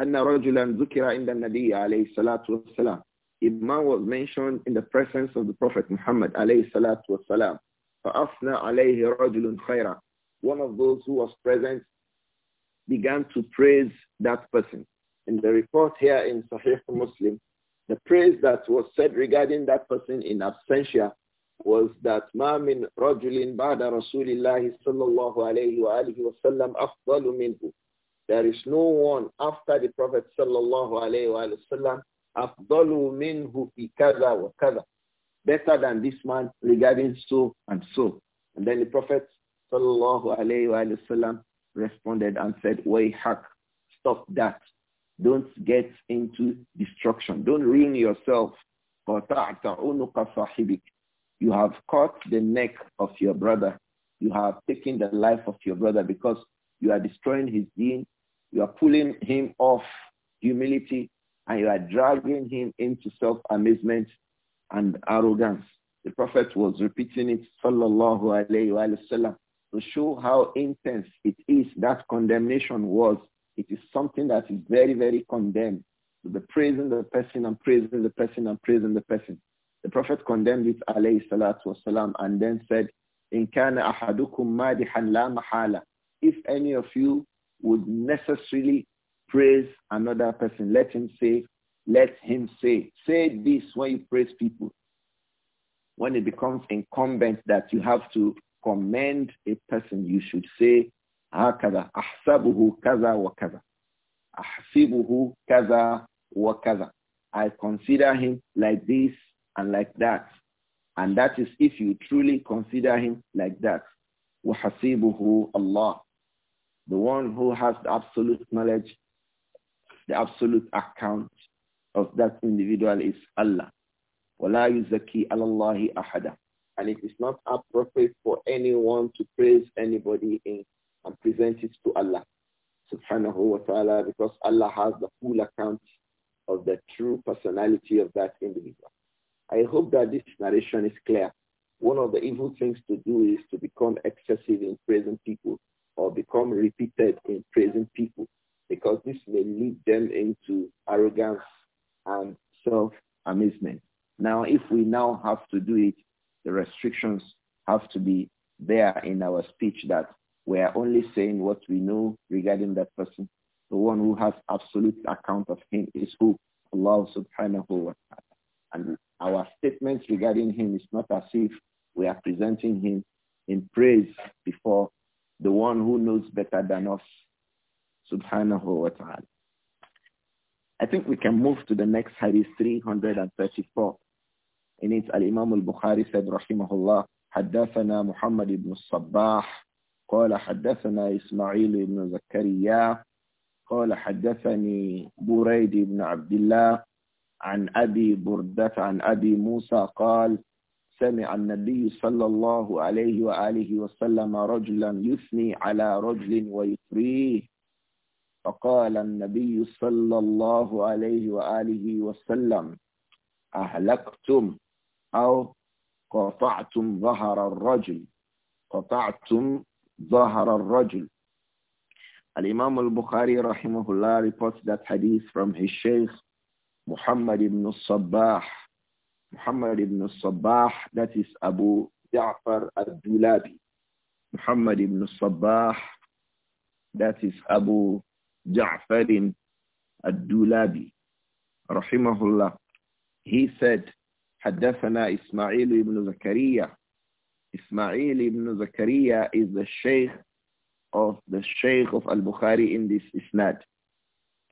أن رجلا ذكر عند النبي عليه الصلاة والسلام Imam was mentioned in the presence of the Prophet Muhammad عليه الصلاة والسلام فأثنى عليه رجل خيرا one of those who was present began to praise that person. In the report here in Sahih Muslim, the praise that was said regarding that person in absentia was that ما من رجل بعد رسول الله صلى الله عليه وآله وسلم أفضل منه there is no one after the Prophet sallallahu alayhi wa sallam afdalu minhu fi kaza wa kaza. Better than this man regarding so and so. And then the Prophet sallallahu alayhi wa sallam responded and said, Wayhak, stop that. Don't get into destruction. Don't ruin yourself. You have cut the neck of your brother. You have taken the life of your brother because you are destroying his deen you are pulling him off humility and you are dragging him into self-amazement and arrogance. The Prophet was repeating it, sallallahu alayhi wa, sallam, to show how intense it is that condemnation was. It is something that is very, very condemned. The praising the person and praising the person and praising the person. The Prophet condemned it, alayhi salatu wasalam, and then said, In kana ahadukum madihan la mahala. If any of you would necessarily praise another person. Let him say, let him say. Say this when you praise people. When it becomes incumbent that you have to commend a person, you should say, kaza wa kaza, وكذا kaza wa kaza." I consider him like this and like that. And that is if you truly consider him like that. وحسيبه Allah the one who has the absolute knowledge, the absolute account of that individual is Allah. وَلَا And it is not appropriate for anyone to praise anybody in, and present it to Allah subhanahu wa ta'ala because Allah has the full account of the true personality of that individual. I hope that this narration is clear. One of the evil things to do is to become excessive in praising people or become repeated in praising people because this may lead them into arrogance and self-amazement. Now, if we now have to do it, the restrictions have to be there in our speech that we are only saying what we know regarding that person. The one who has absolute account of him is who? Allah subhanahu wa ta'ala. And our statements regarding him is not as if we are presenting him in praise before the one who knows better than us, subhanahu wa ta'ala. I think we can move to the next hadith 334. In it, Al-Imam al-Bukhari said, rahimahullah, حدثنا محمد بن الصباح قال حدثنا إسماعيل بن زكريا قال حدثني بريد بن عبد الله عن أبي بردة عن أبي موسى قال سمع النبي صلى الله عليه وآله وسلم رجلا يثني على رجل ويثريه فقال النبي صلى الله عليه وآله وسلم أهلكتم أو قطعتم ظهر الرجل قطعتم ظهر الرجل الإمام البخاري رحمه الله reports that hadith from his sheikh محمد بن الصباح Muhammad ibn Sabah, that is Abu Ja'far al-Dulabi. Muhammad ibn Sabah, that is Abu Ja'far al-Dulabi. Rahimahullah. He said, حدثنا Ismail ibn زكريا Ismail ibn Zakaria is the sheikh of the sheikh of Al-Bukhari in this isnad.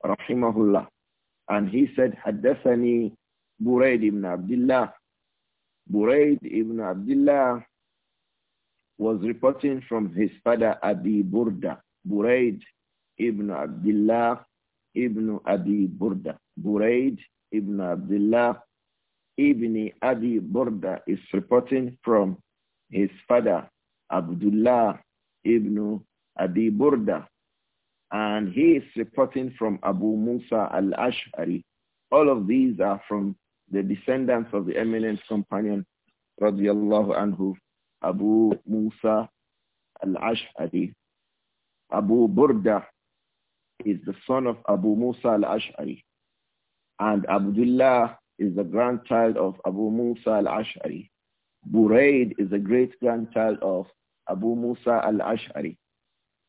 Rahimahullah. And he said, Haddathani Buraid ibn Abdullah. Buraid ibn Abdullah was reporting from his father Abi Burda. Buraid ibn Abdullah ibn Abi Burda. Buraid ibn Abdullah ibn Abi Burda is reporting from his father Abdullah ibn Abi Burda. And he is reporting from Abu Musa al-Ash'ari. All of these are from the descendants of the eminent companion, radiallahu anhu, Abu Musa al-Ash'ari. Abu Burda is the son of Abu Musa al-Ash'ari. And Abdullah is the grandchild of Abu Musa al-Ash'ari. Buraid is the great-grandchild of Abu Musa al-Ash'ari.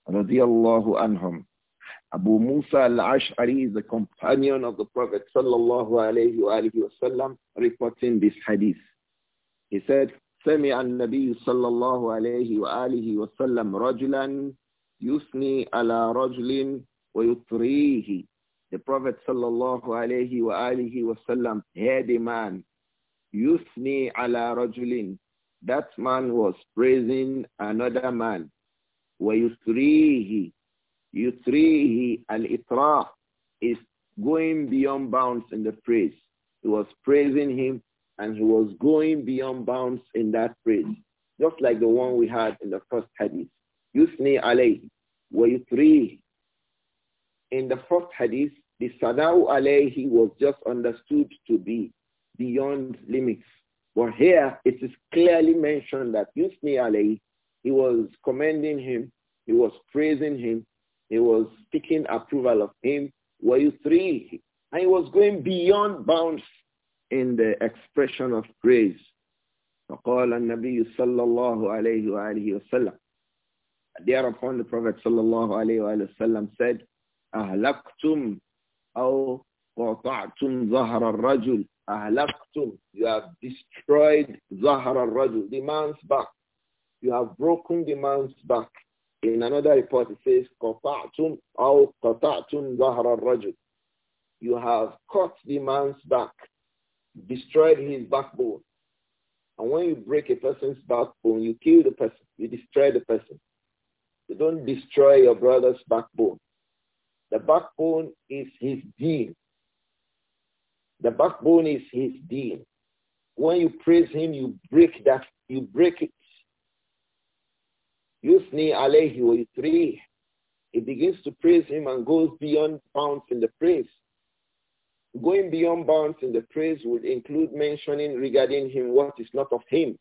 Radiallahu anhum. Abu Musa al-Ash'ari is the companion of the Prophet sallallahu alayhi wa alayhi sallam reporting this hadith. He said, سمع النبي صلى الله عليه وآله وسلم رجلا يثني على رجل ويطريه The Prophet sallallahu alayhi wa وآله وسلم had a man يثني على رجل That man was praising another man ويطريه he al-itrah is going beyond bounds in the praise. He was praising him and he was going beyond bounds in that praise. Just like the one we had in the first hadith. Yusni alayhi wa In the first hadith, the sada'u alayhi was just understood to be beyond limits. But here it is clearly mentioned that Yusni alayhi, he was commending him, he was praising him, he was speaking approval of him. Were you three, And he was going beyond bounds in the expression of praise. فقال النبي صلى الله عليه وآله وسلم Thereupon the Prophet صلى الله عليه وآله وسلم said أهلكتم أو قطعتم ظهر الرجل أهلكتم You have destroyed ظهر الرجل The man's back You have broken the man's back in another report, it says, قَطَعْتُمْ أَوْ You have cut the man's back, destroyed his backbone. And when you break a person's backbone, you kill the person, you destroy the person. You don't destroy your brother's backbone. The backbone is his deen. The backbone is his deen. When you praise him, you break that, you break Yusni alayhi wa He begins to praise him and goes beyond bounds in the praise. Going beyond bounds in the praise would include mentioning regarding him what is not of him.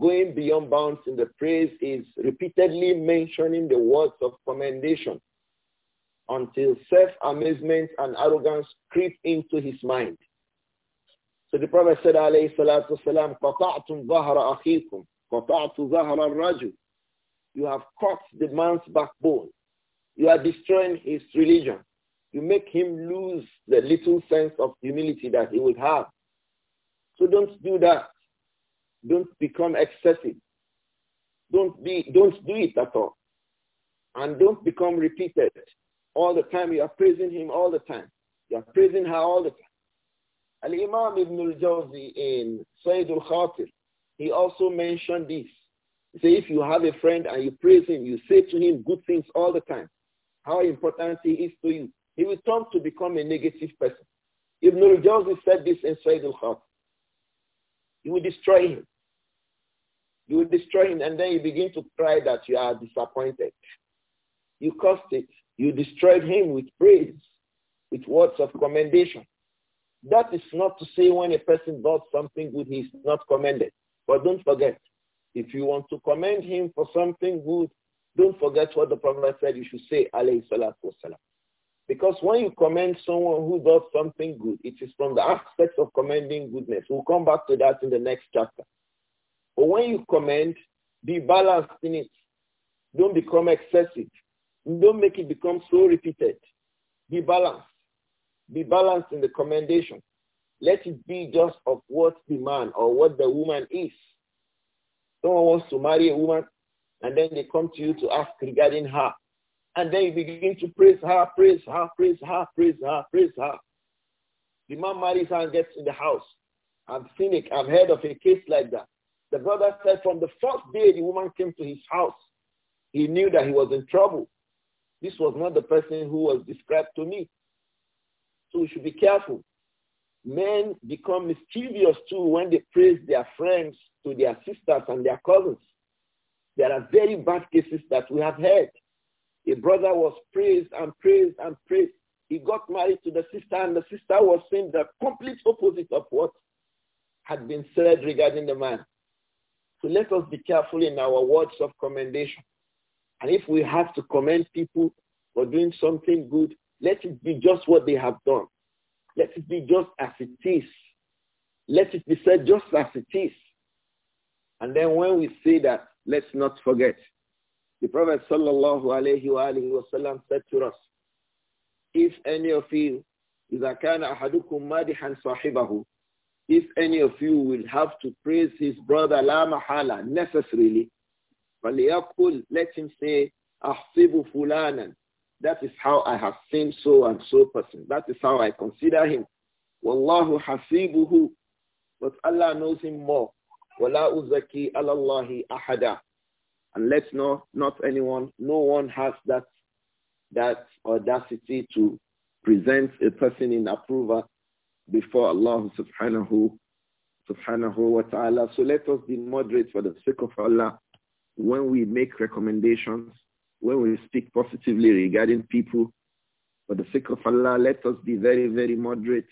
Going beyond bounds in the praise is repeatedly mentioning the words of commendation until self-amazement and arrogance creep into his mind. So the Prophet said, alayhi salatu salam: قَطَعْتُمْ ظَهْرَ أَخِيكُمْ قَطَعْتُ ظَهْرَ الرَّجُلِ you have cut the man's backbone. You are destroying his religion. You make him lose the little sense of humility that he would have. So don't do that. Don't become excessive. Don't be, don't do it at all. And don't become repeated all the time. You are praising him all the time. You are praising her all the time. Al-Imam Ibn al-Jawzi in Sayyid al-Khatir, he also mentioned this say if you have a friend and you praise him, you say to him good things all the time, how important he is to you, he will turn to become a negative person. If Nurul jawzi said this in the heart, You will destroy him. You will destroy him and then you begin to cry that you are disappointed. You cursed it. You destroyed him with praise, with words of commendation. That is not to say when a person does something good, he is not commended. But don't forget, if you want to commend him for something good, don't forget what the Prophet said you should say, alayhi salatu wasalam. Because when you commend someone who does something good, it is from the aspects of commending goodness. We'll come back to that in the next chapter. But when you commend, be balanced in it. Don't become excessive. Don't make it become so repeated. Be balanced. Be balanced in the commendation. Let it be just of what the man or what the woman is. Someone wants to marry a woman and then they come to you to ask regarding her. And then you begin to praise her, praise her, praise her, praise her, praise her. The man marries her and gets in the house. I've seen it. I've heard of a case like that. The brother said from the first day the woman came to his house, he knew that he was in trouble. This was not the person who was described to me. So we should be careful men become mischievous too when they praise their friends to their sisters and their cousins. There are very bad cases that we have heard. A brother was praised and praised and praised. He got married to the sister and the sister was saying the complete opposite of what had been said regarding the man. So let us be careful in our words of commendation. And if we have to commend people for doing something good, let it be just what they have done. Let it be just as it is. Let it be said just as it is. And then when we say that, let's not forget. The Prophet sallallahu Alaihi Wasallam said to us, if any of you, إذا كان أحدكم مادحا صاحبه, if any of you will have to praise his brother لا محالة necessarily, فليقل, let him say, أحسب فلانا, that is how I have seen so and so person. That is how I consider him. Wallahu hasibuhu. But Allah knows him more. Wala uzaki alallahi ahada. And let's not, not anyone, no one has that, that audacity to present a person in approval before Allah subhanahu, subhanahu wa ta'ala. So let us be moderate for the sake of Allah when we make recommendations when we speak positively regarding people, for the sake of Allah, let us be very, very moderate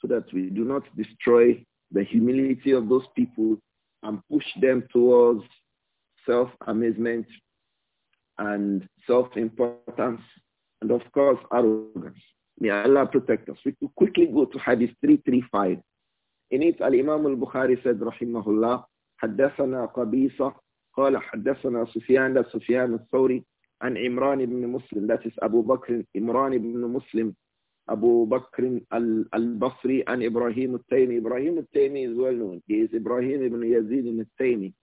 so that we do not destroy the humility of those people and push them towards self-amazement and self-importance and of course arrogance. May Allah protect us. We quickly go to Hadith 335. In it, Al-Imam al-Bukhari said, Rahimahullah, حدثنا قبيصة قال حدثنا سفيان لا سفيان الثوري عن عمران بن مسلم لا is أبو بكر عمران بن مسلم أبو بكر البصري عن إبراهيم التيمي إبراهيم التيمي is well known he is إبراهيم بن يزيد التيمي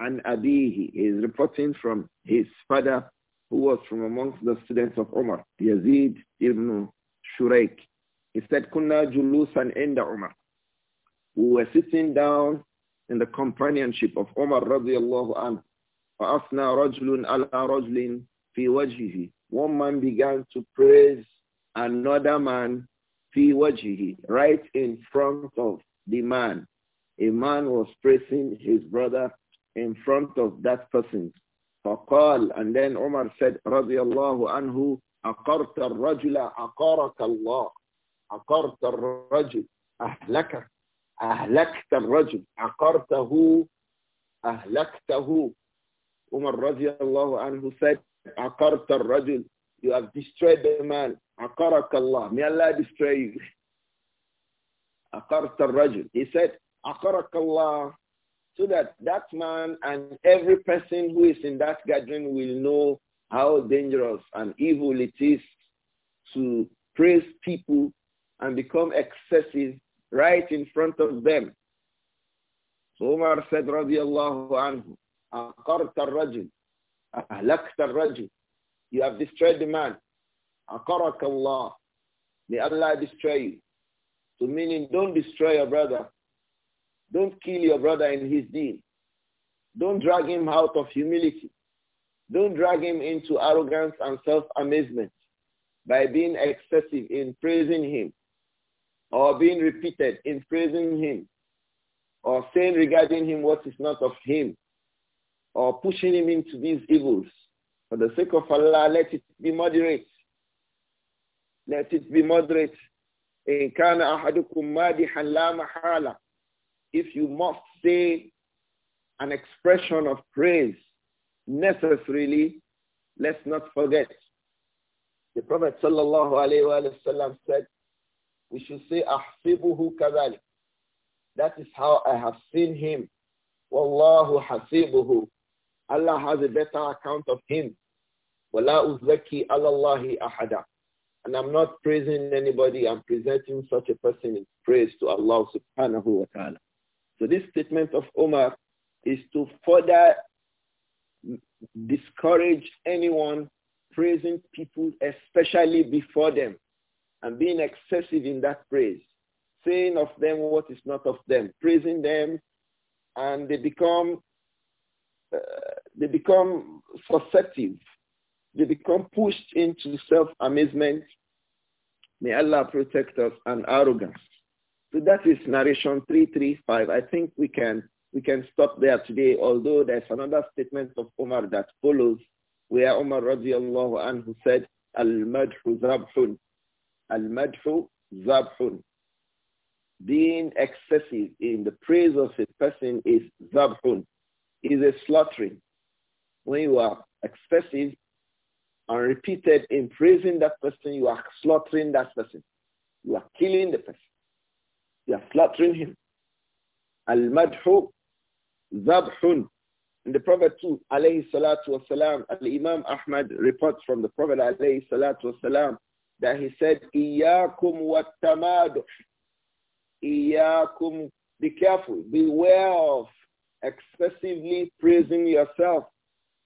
عن أبيه he is reporting from his father who was from amongst the students of Umar يزيد بن شريك he said كنا جلوسا عند عمر we were sitting down in the companionship of Umar radiallahu anhu. فَأَثْنَى رَجْلٌ عَلَى رَجْلٍ فِي وَجْهِهِ One man began to praise another man فِي وَجْهِهِ Right in front of the man. A man was praising his brother in front of that person. فَقَال And then Umar said رضي الله عنه أَقَرْتَ الرَّجُلَ أَقَرَكَ اللَّهُ أَقَرْتَ الرَّجُلَ أَهْلَكَكَ أهلكت الرجل عقرته أهلكته Umar radiallahu anhu said عقرت الرجل You have destroyed the man عقرك الله May Allah destroy you عقرت الرجل He said عقرك الله so that that man and every person who is in that gathering will know how dangerous and evil it is to praise people and become excessive right in front of them. So Umar said, radiallahu anhu, You have destroyed the man. أقرك Allah, May Allah destroy you. So meaning don't destroy your brother. Don't kill your brother in his deed. Don't drag him out of humility. Don't drag him into arrogance and self-amazement by being excessive in praising him or being repeated in praising him or saying regarding him what is not of him or pushing him into these evils. For the sake of Allah, let it be moderate. Let it be moderate. إن كان أحدكم مادحا لا If you must say an expression of praise necessarily, let's not forget. The Prophet sallallahu alayhi wa sallam said, we should say ahsibuhu kadhalik. That is how I have seen him. Wallahu hasibuhu. Allah has a better account of him. Wala uzaki alallahi ahada. And I'm not praising anybody. I'm presenting such a person in praise to Allah subhanahu wa ta'ala. So this statement of Omar is to further discourage anyone praising people, especially before them and being excessive in that praise, saying of them what is not of them, praising them, and they become uh, they become susceptible. They become pushed into self-amazement. May Allah protect us and arrogance. So that is narration 335. I think we can we can stop there today, although there's another statement of Umar that follows, where Umar radiallahu anhu said, Al-madhu Al-madhu zabhun. Being excessive in the praise of a person is zabhun, is a slaughtering. When you are excessive and repeated in praising that person, you are slaughtering that person. You are killing the person. You are slaughtering him. Al-madhu zabhun. And the Prophet too, alayhi salatu wasalam, Al-Imam Ahmad reports from the Prophet alayhi salatu wasalam that he said, Iyakum watamadu. Iyakum, be careful, beware of excessively praising yourself.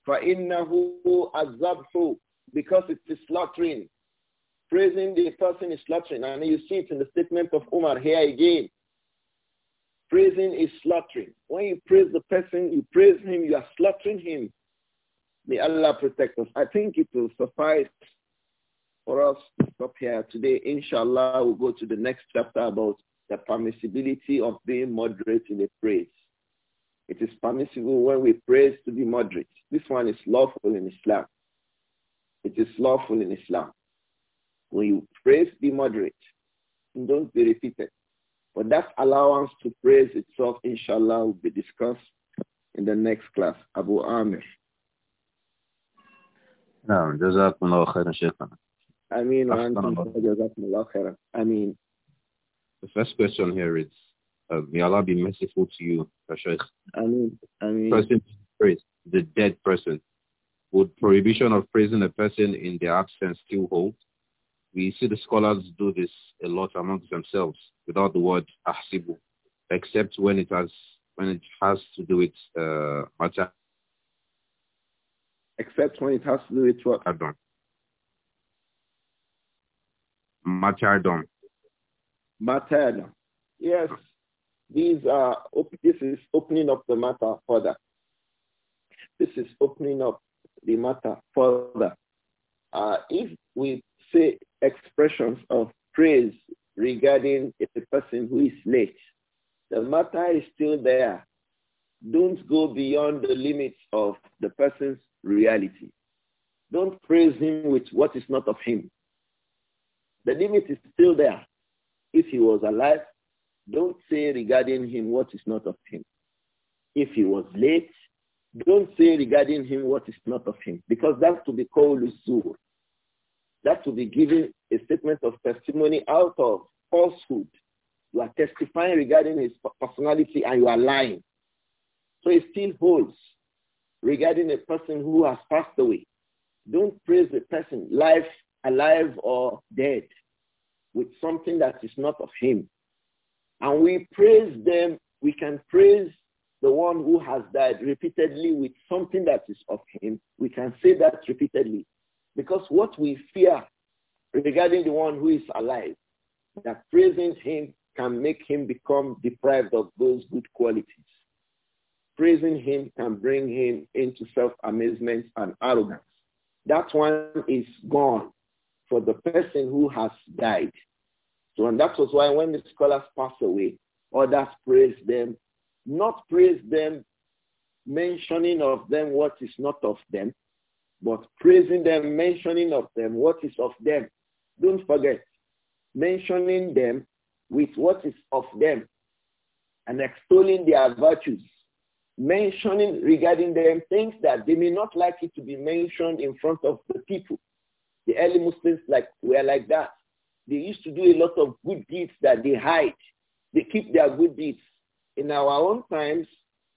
For innahu azabu, Because it is slaughtering. Praising the person is slaughtering. And you see it in the statement of Umar here again. Praising is slaughtering. When you praise the person, you praise him, you are slaughtering him. May Allah protect us. I think it will suffice for us to stop here today. Inshallah, we'll go to the next chapter about the permissibility of being moderate in the praise. It is permissible when we praise to be moderate. This one is lawful in Islam. It is lawful in Islam. When you praise, be moderate. And don't be repeated. But that allowance to praise itself, inshallah, will be discussed in the next class. Abu Amir. نعم جزاكم الله خيرا شيخنا I mean, The first question here is, uh, may Allah be merciful to you, Sheikh. Ameen. Person praise, the dead person. Would prohibition of praising a person in their absence still hold? We see the scholars do this a lot amongst themselves without the word ahsibu, except when it has when it has to do with uh, matter. Except when it has to do with what? Martyrdom. Martyrdom. Yes. These are, this is opening up the matter further. This is opening up the matter further. Uh, if we say expressions of praise regarding a person who is late, the matter is still there. Don't go beyond the limits of the person's reality. Don't praise him with what is not of him. The limit is still there. If he was alive, don't say regarding him what is not of him. If he was late, don't say regarding him what is not of him, because that's to be called zur. That to be giving a statement of testimony out of falsehood. You are testifying regarding his personality and you are lying. So it still holds regarding a person who has passed away. Don't praise the person. Life alive or dead, with something that is not of him. And we praise them, we can praise the one who has died repeatedly with something that is of him. We can say that repeatedly. Because what we fear regarding the one who is alive, that praising him can make him become deprived of those good qualities. Praising him can bring him into self-amazement and arrogance. That one is gone for the person who has died. So and that was why when the scholars pass away, others praise them, not praise them, mentioning of them what is not of them, but praising them, mentioning of them what is of them. Don't forget, mentioning them with what is of them and extolling their virtues, mentioning regarding them things that they may not like it to be mentioned in front of the people. The early Muslims like were like that. They used to do a lot of good deeds that they hide. They keep their good deeds. In our own times,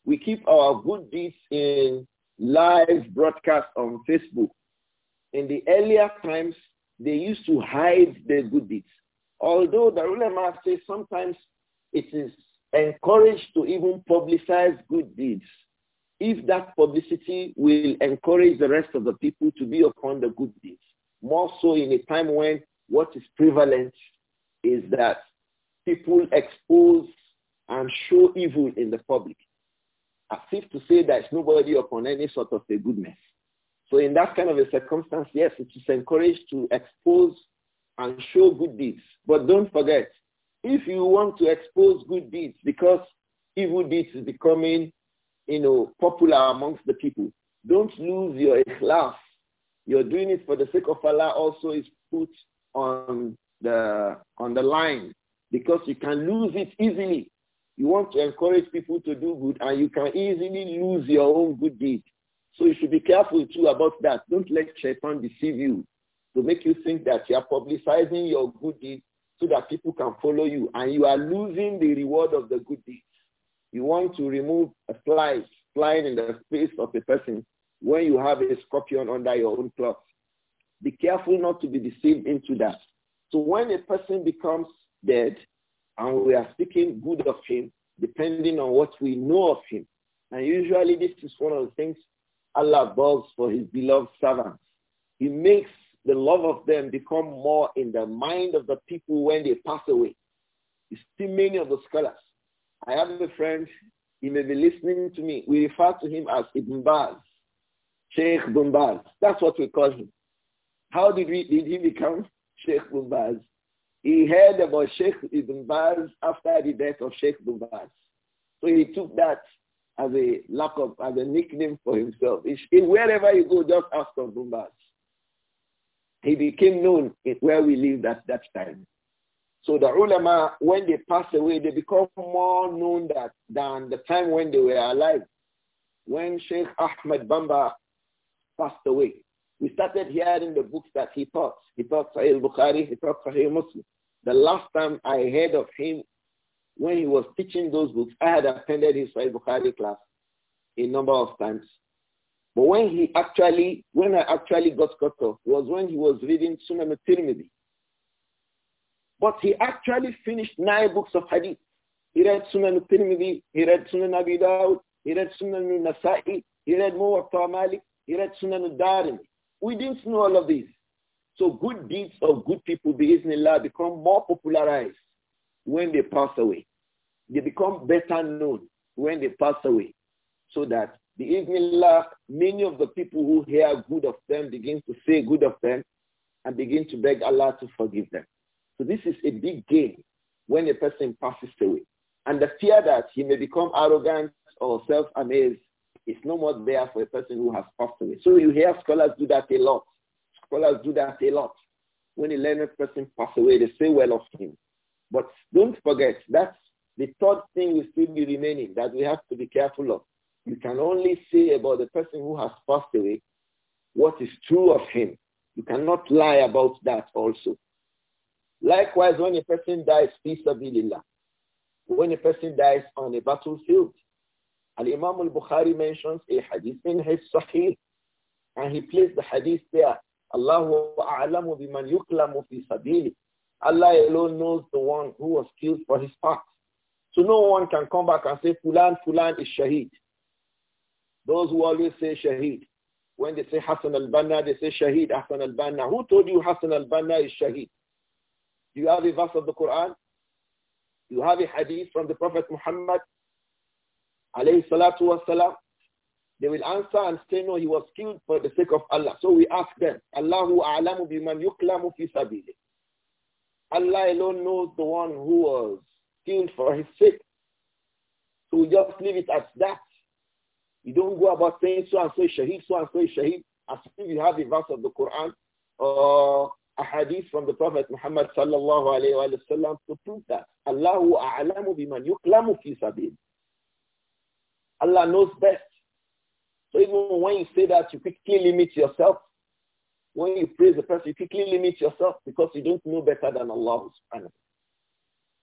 we keep our good deeds in live broadcast on Facebook. In the earlier times, they used to hide their good deeds. Although the ulama says sometimes it is encouraged to even publicize good deeds if that publicity will encourage the rest of the people to be upon the good deeds. More so in a time when what is prevalent is that people expose and show evil in the public as if to say there's nobody upon any sort of a goodness. So in that kind of a circumstance, yes, it is encouraged to expose and show good deeds. But don't forget, if you want to expose good deeds because evil deeds is becoming, you know, popular amongst the people, don't lose your class. You're doing it for the sake of Allah also is put on the, on the line because you can lose it easily. You want to encourage people to do good and you can easily lose your own good deed. So you should be careful too about that. Don't let shaitan deceive you to make you think that you are publicizing your good deed so that people can follow you and you are losing the reward of the good deed. You want to remove a fly flying in the face of a person when you have a scorpion under your own cloth. Be careful not to be deceived into that. So when a person becomes dead and we are speaking good of him, depending on what we know of him, and usually this is one of the things Allah does for his beloved servants. He makes the love of them become more in the mind of the people when they pass away. You see many of the scholars. I have a friend, he may be listening to me. We refer to him as Ibn Baz. Sheikh Bumbaz. That's what we call him. How did, we, did he become Sheikh Bumbaz? He heard about Sheikh Ibn Baz after the death of Sheikh Bumbaz. So he took that as a lockup, as a nickname for himself. He, wherever you go, just ask for Bumbaz. He became known where we lived at that time. So the ulama, when they pass away, they become more known that, than the time when they were alive. When Sheikh Ahmed Bamba passed away. We started hearing the books that he taught. He taught Sahih Bukhari, he taught Sahih Muslim. The last time I heard of him when he was teaching those books, I had attended his Sahih Bukhari class a number of times. But when he actually, when I actually got cut off was when he was reading Sunan al-Tirmidhi. But he actually finished nine books of hadith. He read Sunan al-Tirmidhi, he read Sunan Abi Dawud, he read Sunan nasai he read Muwatta Malik, he read We didn't know all of this. So good deeds of good people, bi'iznillah, become more popularized when they pass away. They become better known when they pass away. So that, the bi'iznillah, many of the people who hear good of them begin to say good of them and begin to beg Allah to forgive them. So this is a big gain when a person passes away. And the fear that he may become arrogant or self-amazed it's no more there for a person who has passed away. So you hear scholars do that a lot. Scholars do that a lot. When a learned person passes away, they say well of him. But don't forget, that's the third thing will still be remaining that we have to be careful of. You can only say about the person who has passed away what is true of him. You cannot lie about that also. Likewise, when a person dies peaceably, when a person dies on a battlefield, Al-Imam al-Bukhari mentions a hadith in his Sahih, and he placed the hadith there. Allahu a'lamu biman yuklamu fi sabili. Allah alone knows the one who was killed for his part. So no one can come back and say, Fulan, Fulan is Shaheed. Those who always say Shaheed. When they say Hassan al-Banna, they say Shaheed, Hassan al-Banna. Who told you Hassan al-Banna is Shaheed? Do you have a verse of the Quran? Do you have a hadith from the Prophet Muhammad? alayhi salatu wasalam, they will answer and say, no, he was killed for the sake of Allah. So we ask them, Allahu a'lamu biman yuklamu fi sabili. Allah alone knows the one who was killed for his sake. So we just leave it at that. You don't go about saying so and so shaheed, so and so shaheed, as if you have a verse of the Quran or a hadith from the Prophet Muhammad sallallahu alayhi wa sallam to prove that. Allahu a'lamu biman yuklamu fi sabili. Allah knows best. So even when you say that, you quickly limit yourself. When you praise a person, you quickly limit yourself because you don't know better than Allah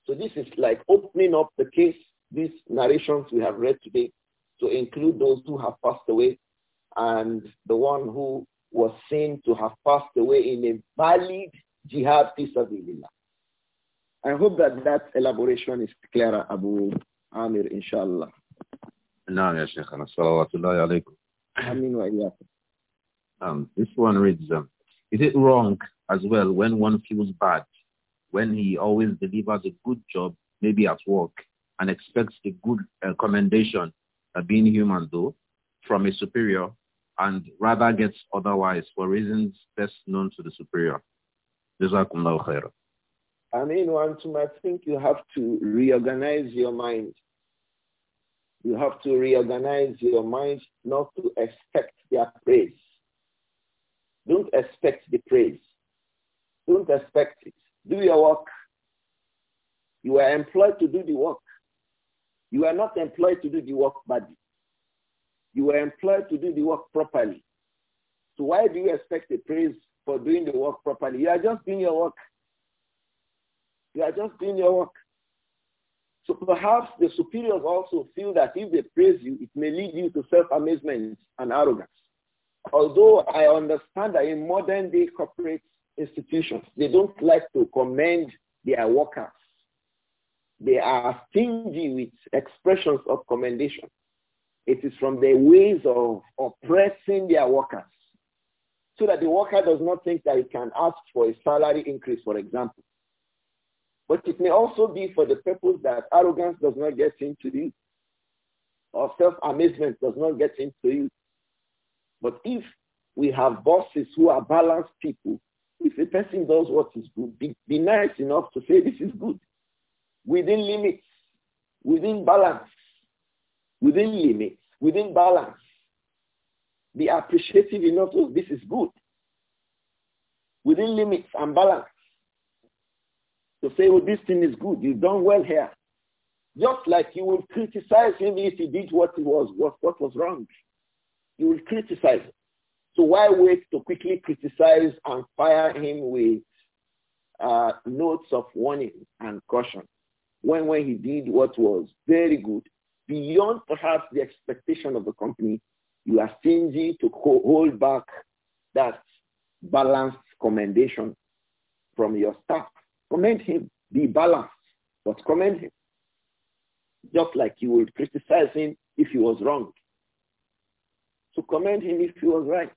So this is like opening up the case, these narrations we have read today, to include those who have passed away and the one who was seen to have passed away in a valid jihad fisabilillah. I hope that that elaboration is clearer, Abu Amir, inshallah. نعم يا شيخنا صلوات الله عليكم آمين وإياكم this one reads, um, is it wrong as well when one feels bad, when he always delivers a good job, maybe at work, and expects a good uh, commendation, uh, being human though, from a superior, and rather gets otherwise for reasons best known to the superior? khair. I mean, one, I think you have to reorganize your mind. You have to reorganize your mind not to expect their praise. Don't expect the praise. Don't expect it. Do your work. You are employed to do the work. You are not employed to do the work badly. You are employed to do the work properly. So why do you expect the praise for doing the work properly? You are just doing your work. You are just doing your work. So perhaps the superiors also feel that if they praise you, it may lead you to self-amazement and arrogance. Although I understand that in modern day corporate institutions, they don't like to commend their workers. They are stingy with expressions of commendation. It is from their ways of oppressing their workers so that the worker does not think that he can ask for a salary increase, for example. But it may also be for the purpose that arrogance does not get into you or self-amazement does not get into you. But if we have bosses who are balanced people, if a person does what is good, be, be nice enough to say this is good within limits, within balance, within limits, within balance. Be appreciative enough to oh, this is good. Within limits and balance to say, "Well, this thing is good. You've done well here. Just like you would criticize him if he did what he was, what, what was wrong. You will criticize him. So why wait to quickly criticize and fire him with uh, notes of warning and caution when, when he did what was very good, beyond perhaps the expectation of the company, you are stingy to hold back that balanced commendation from your staff. Commend him. Be balanced. But commend him. Just like you would criticize him if he was wrong. So commend him if he was right.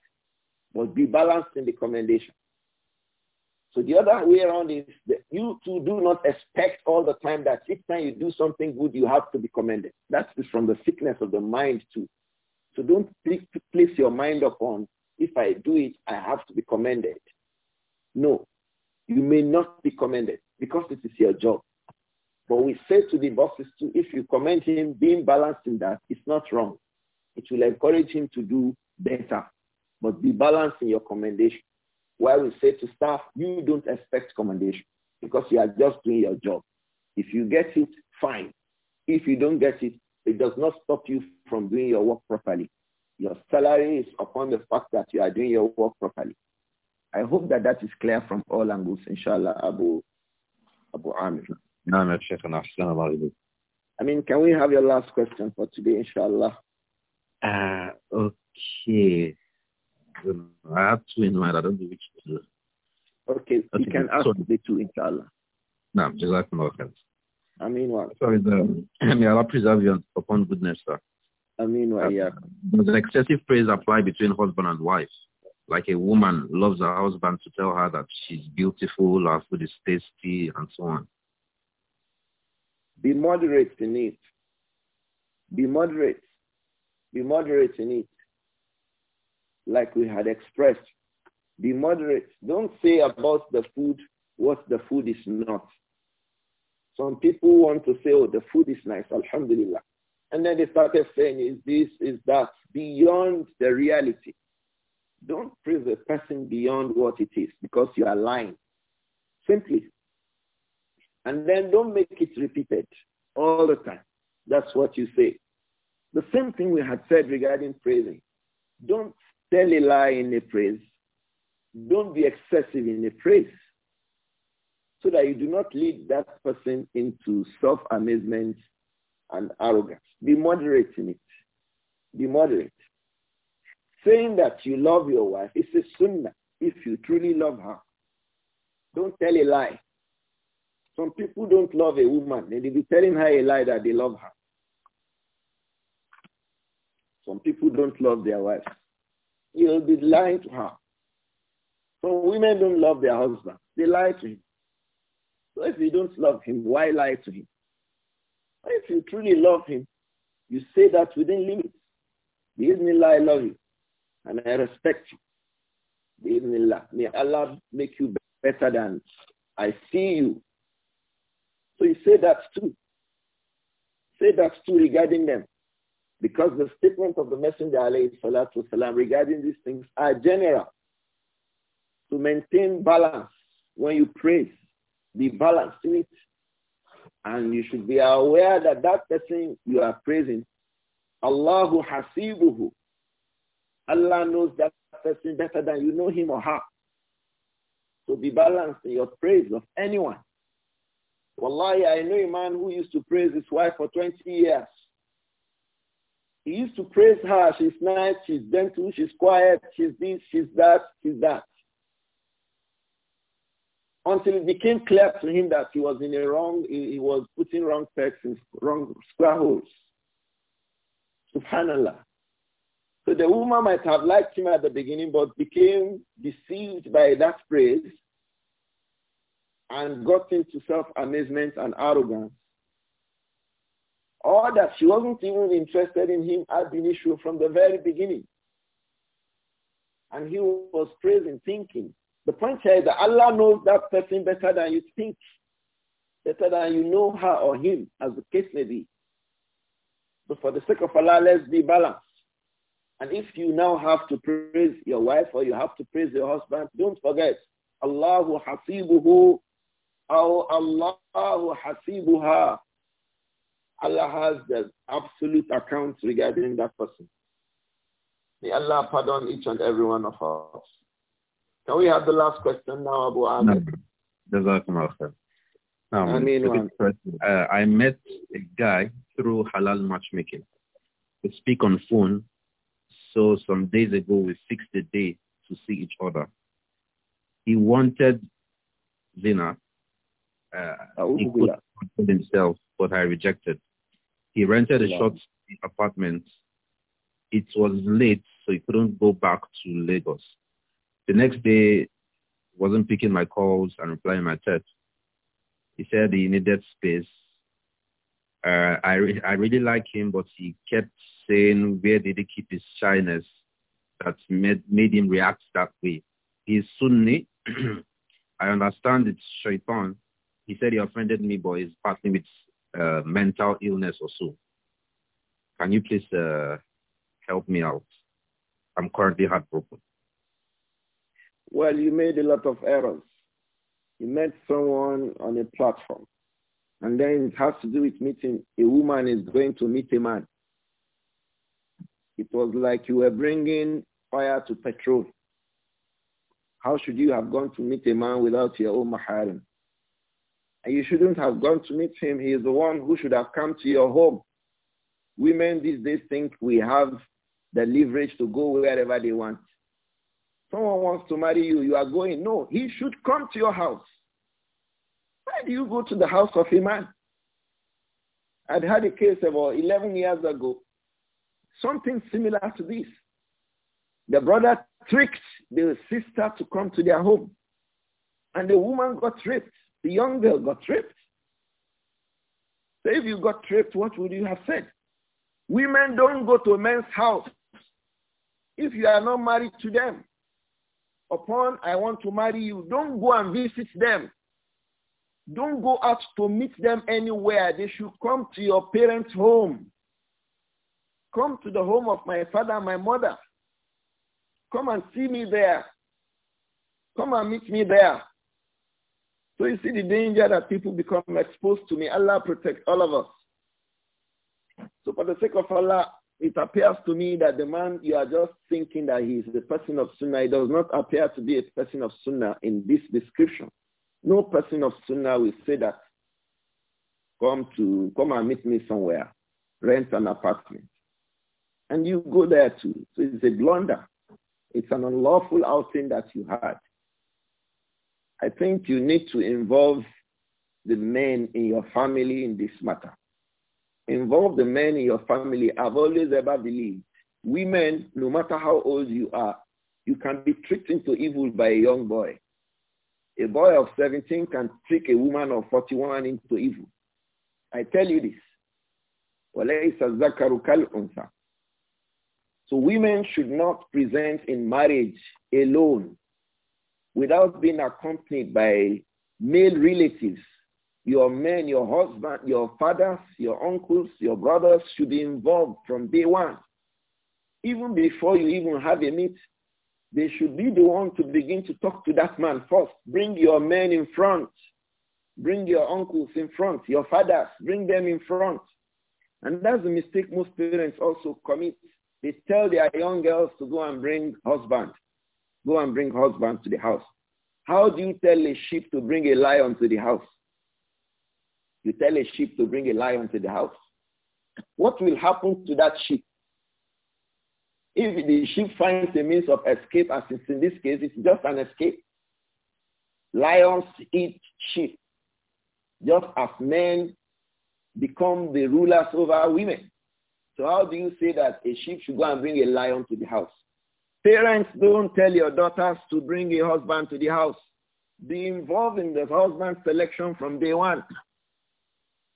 But be balanced in the commendation. So the other way around is that you too do not expect all the time that each time you do something good, you have to be commended. That's from the sickness of the mind too. So don't place your mind upon, if I do it, I have to be commended. No, you may not be commended because it is your job. But we say to the bosses too, if you commend him, being balanced in that, it's not wrong. It will encourage him to do better. But be balanced in your commendation. Why we say to staff, you don't expect commendation because you are just doing your job. If you get it, fine. If you don't get it, it does not stop you from doing your work properly. Your salary is upon the fact that you are doing your work properly. I hope that that is clear from all angles, inshallah, Abu, Abu Amir. I mean, can we have your last question for today, inshallah? Uh, okay. I have two in mind. I don't know which two. Okay, okay. you can ask so, the two, inshallah. Naam, Jazakumullah friends. I mean what? Sorry, the, [clears throat] may Allah preserve you upon goodness, sir. I mean what, yeah. Does excessive praise apply between husband and wife? Like a woman loves her husband to tell her that she's beautiful, her food is tasty, and so on. Be moderate in it. Be moderate. Be moderate in it. Like we had expressed. Be moderate. Don't say about the food what the food is not. Some people want to say, oh, the food is nice, alhamdulillah. And then they started saying, is this, is that, beyond the reality. Don't praise a person beyond what it is because you are lying. Simply. And then don't make it repeated all the time. That's what you say. The same thing we had said regarding praising. Don't tell a lie in a praise. Don't be excessive in a praise so that you do not lead that person into self-amazement and arrogance. Be moderate in it. Be moderate. Saying that you love your wife is a sunnah if you truly love her. Don't tell a lie. Some people don't love a woman. They will be telling her a lie that they love her. Some people don't love their wife. You'll be lying to her. Some women don't love their husband. They lie to him. So if you don't love him, why lie to him? If you truly love him, you say that within limits. The Isn't I love you? And I respect you. Bismillah. May Allah make you better than I see you. So you say that too. Say that too regarding them. Because the statements of the Messenger والسلام, regarding these things are general. To maintain balance when you praise, be balanced in it. And you should be aware that that person you are praising, Allahu Hasibuhu, Allah knows that person better than you know him or her. So be balanced in your praise of anyone. Wallahi, I know a man who used to praise his wife for 20 years. He used to praise her. She's nice. She's gentle. She's quiet. She's this. She's that. She's that. Until it became clear to him that he was in a wrong, he, was putting wrong pegs in wrong square holes. Subhanallah. So the woman might have liked him at the beginning, but became deceived by that praise and got into self-amazement and arrogance. Or that she wasn't even interested in him at the issue from the very beginning. And he was praising, thinking. The point here is that Allah knows that person better than you think, better than you know her or him, as the case may be. But for the sake of Allah, let's be balanced. And if you now have to praise your wife or you have to praise your husband, don't forget, Allahu hasibuhu or Allahu hasibuha. Allah has the absolute account regarding that person. May Allah pardon each and every one of us. Can we have the last question now, Abu Ahmed? Jazakumullah. I, mean, uh, I met a guy through halal matchmaking. We speak on phone so some days ago, we fixed a day to see each other. He wanted Zina. Uh, he could control himself, but I rejected. He rented a yeah. short apartment. It was late, so he couldn't go back to Lagos. The next day, wasn't picking my calls and replying my texts. He said he needed space. Uh, I re I really like him, but he kept saying, where did he keep his shyness that made, made him react that way? He's Sunni. [clears throat] I understand it's shaitan. He said he offended me, but he's battling with uh, mental illness or so. Can you please uh, help me out? I'm currently heartbroken. Well, you made a lot of errors. You met someone on a platform. And then it has to do with meeting. A woman is going to meet a man. It was like you were bringing fire to petrol. How should you have gone to meet a man without your own maharim? And you shouldn't have gone to meet him. He is the one who should have come to your home. Women these days think we have the leverage to go wherever they want. Someone wants to marry you. You are going. No, he should come to your house. Why do you go to the house of a man? I'd had a case about 11 years ago. Something similar to this. The brother tricked the sister to come to their home. And the woman got raped. The young girl got raped. So if you got raped, what would you have said? Women don't go to men's house if you are not married to them. Upon I want to marry you, don't go and visit them. Don't go out to meet them anywhere. They should come to your parents' home. Come to the home of my father and my mother. Come and see me there. Come and meet me there. So you see the danger that people become exposed to me. Allah protect all of us. So for the sake of Allah, it appears to me that the man, you are just thinking that he is the person of Sunnah. He does not appear to be a person of Sunnah in this description. No person of Sunnah will say that, come to, come and meet me somewhere, rent an apartment. And you go there too. So it's a blunder. It's an unlawful outing that you had. I think you need to involve the men in your family in this matter. Involve the men in your family. I've always ever believed women, no matter how old you are, you can be tricked into evil by a young boy. A boy of 17 can trick a woman of 41 into evil. I tell you this. So women should not present in marriage alone without being accompanied by male relatives. Your men, your husband, your fathers, your uncles, your brothers should be involved from day one. Even before you even have a meet, they should be the one to begin to talk to that man first. Bring your men in front. Bring your uncles in front. Your fathers, bring them in front. And that's a mistake most parents also commit. They tell their young girls to go and bring husband. Go and bring husband to the house. How do you tell a sheep to bring a lion to the house? You tell a sheep to bring a lion to the house. What will happen to that sheep? If the sheep finds a means of escape, as in this case, it's just an escape. Lions eat sheep, just as men become the rulers over women. So how do you say that a sheep should go and bring a lion to the house? Parents, don't tell your daughters to bring a husband to the house. Be involved in the husband selection from day one.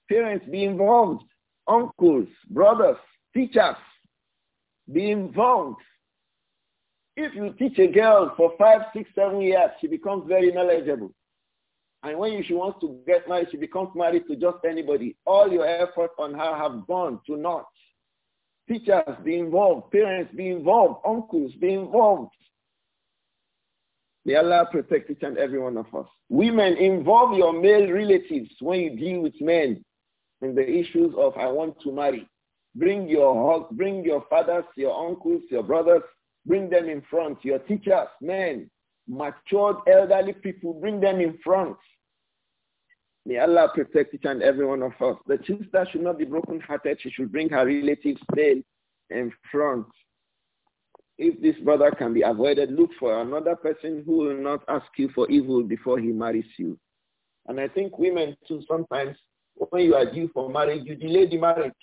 Parents, be involved. Uncles, brothers, teachers, be involved. If you teach a girl for five, six, seven years, she becomes very knowledgeable. And when she wants to get married, she becomes married to just anybody. All your efforts on her have gone to naught. Teachers be involved, parents be involved, uncles be involved. May Allah protect each and every one of us. Women, involve your male relatives when you deal with men in the issues of I want to marry. Bring your bring your fathers, your uncles, your brothers, bring them in front. Your teachers, men, matured elderly people, bring them in front. May Allah protect each and every one of us. The sister should not be broken-hearted. She should bring her relatives there in front. If this brother can be avoided, look for another person who will not ask you for evil before he marries you. And I think women too sometimes, when you are due for marriage, you delay the marriage.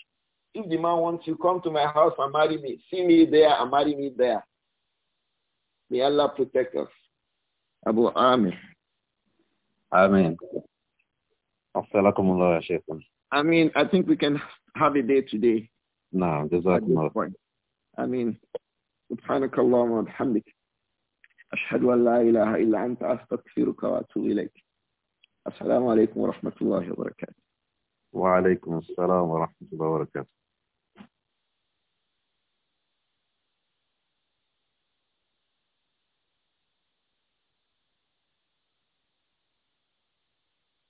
If the man wants you, come to my house and marry me. See me there and marry me there. May Allah protect us. Abu Amir. Amen. Assalamualaikum ya Sheikh. I mean, I think we can have a day today. No, jazakumullah. I mean, سبحانك اللهم وبحمدك أشهد أن لا إله إلا أنت أستغفرك وأتوب إليك السلام عليكم ورحمة الله وبركاته وعليكم السلام ورحمة الله وبركاته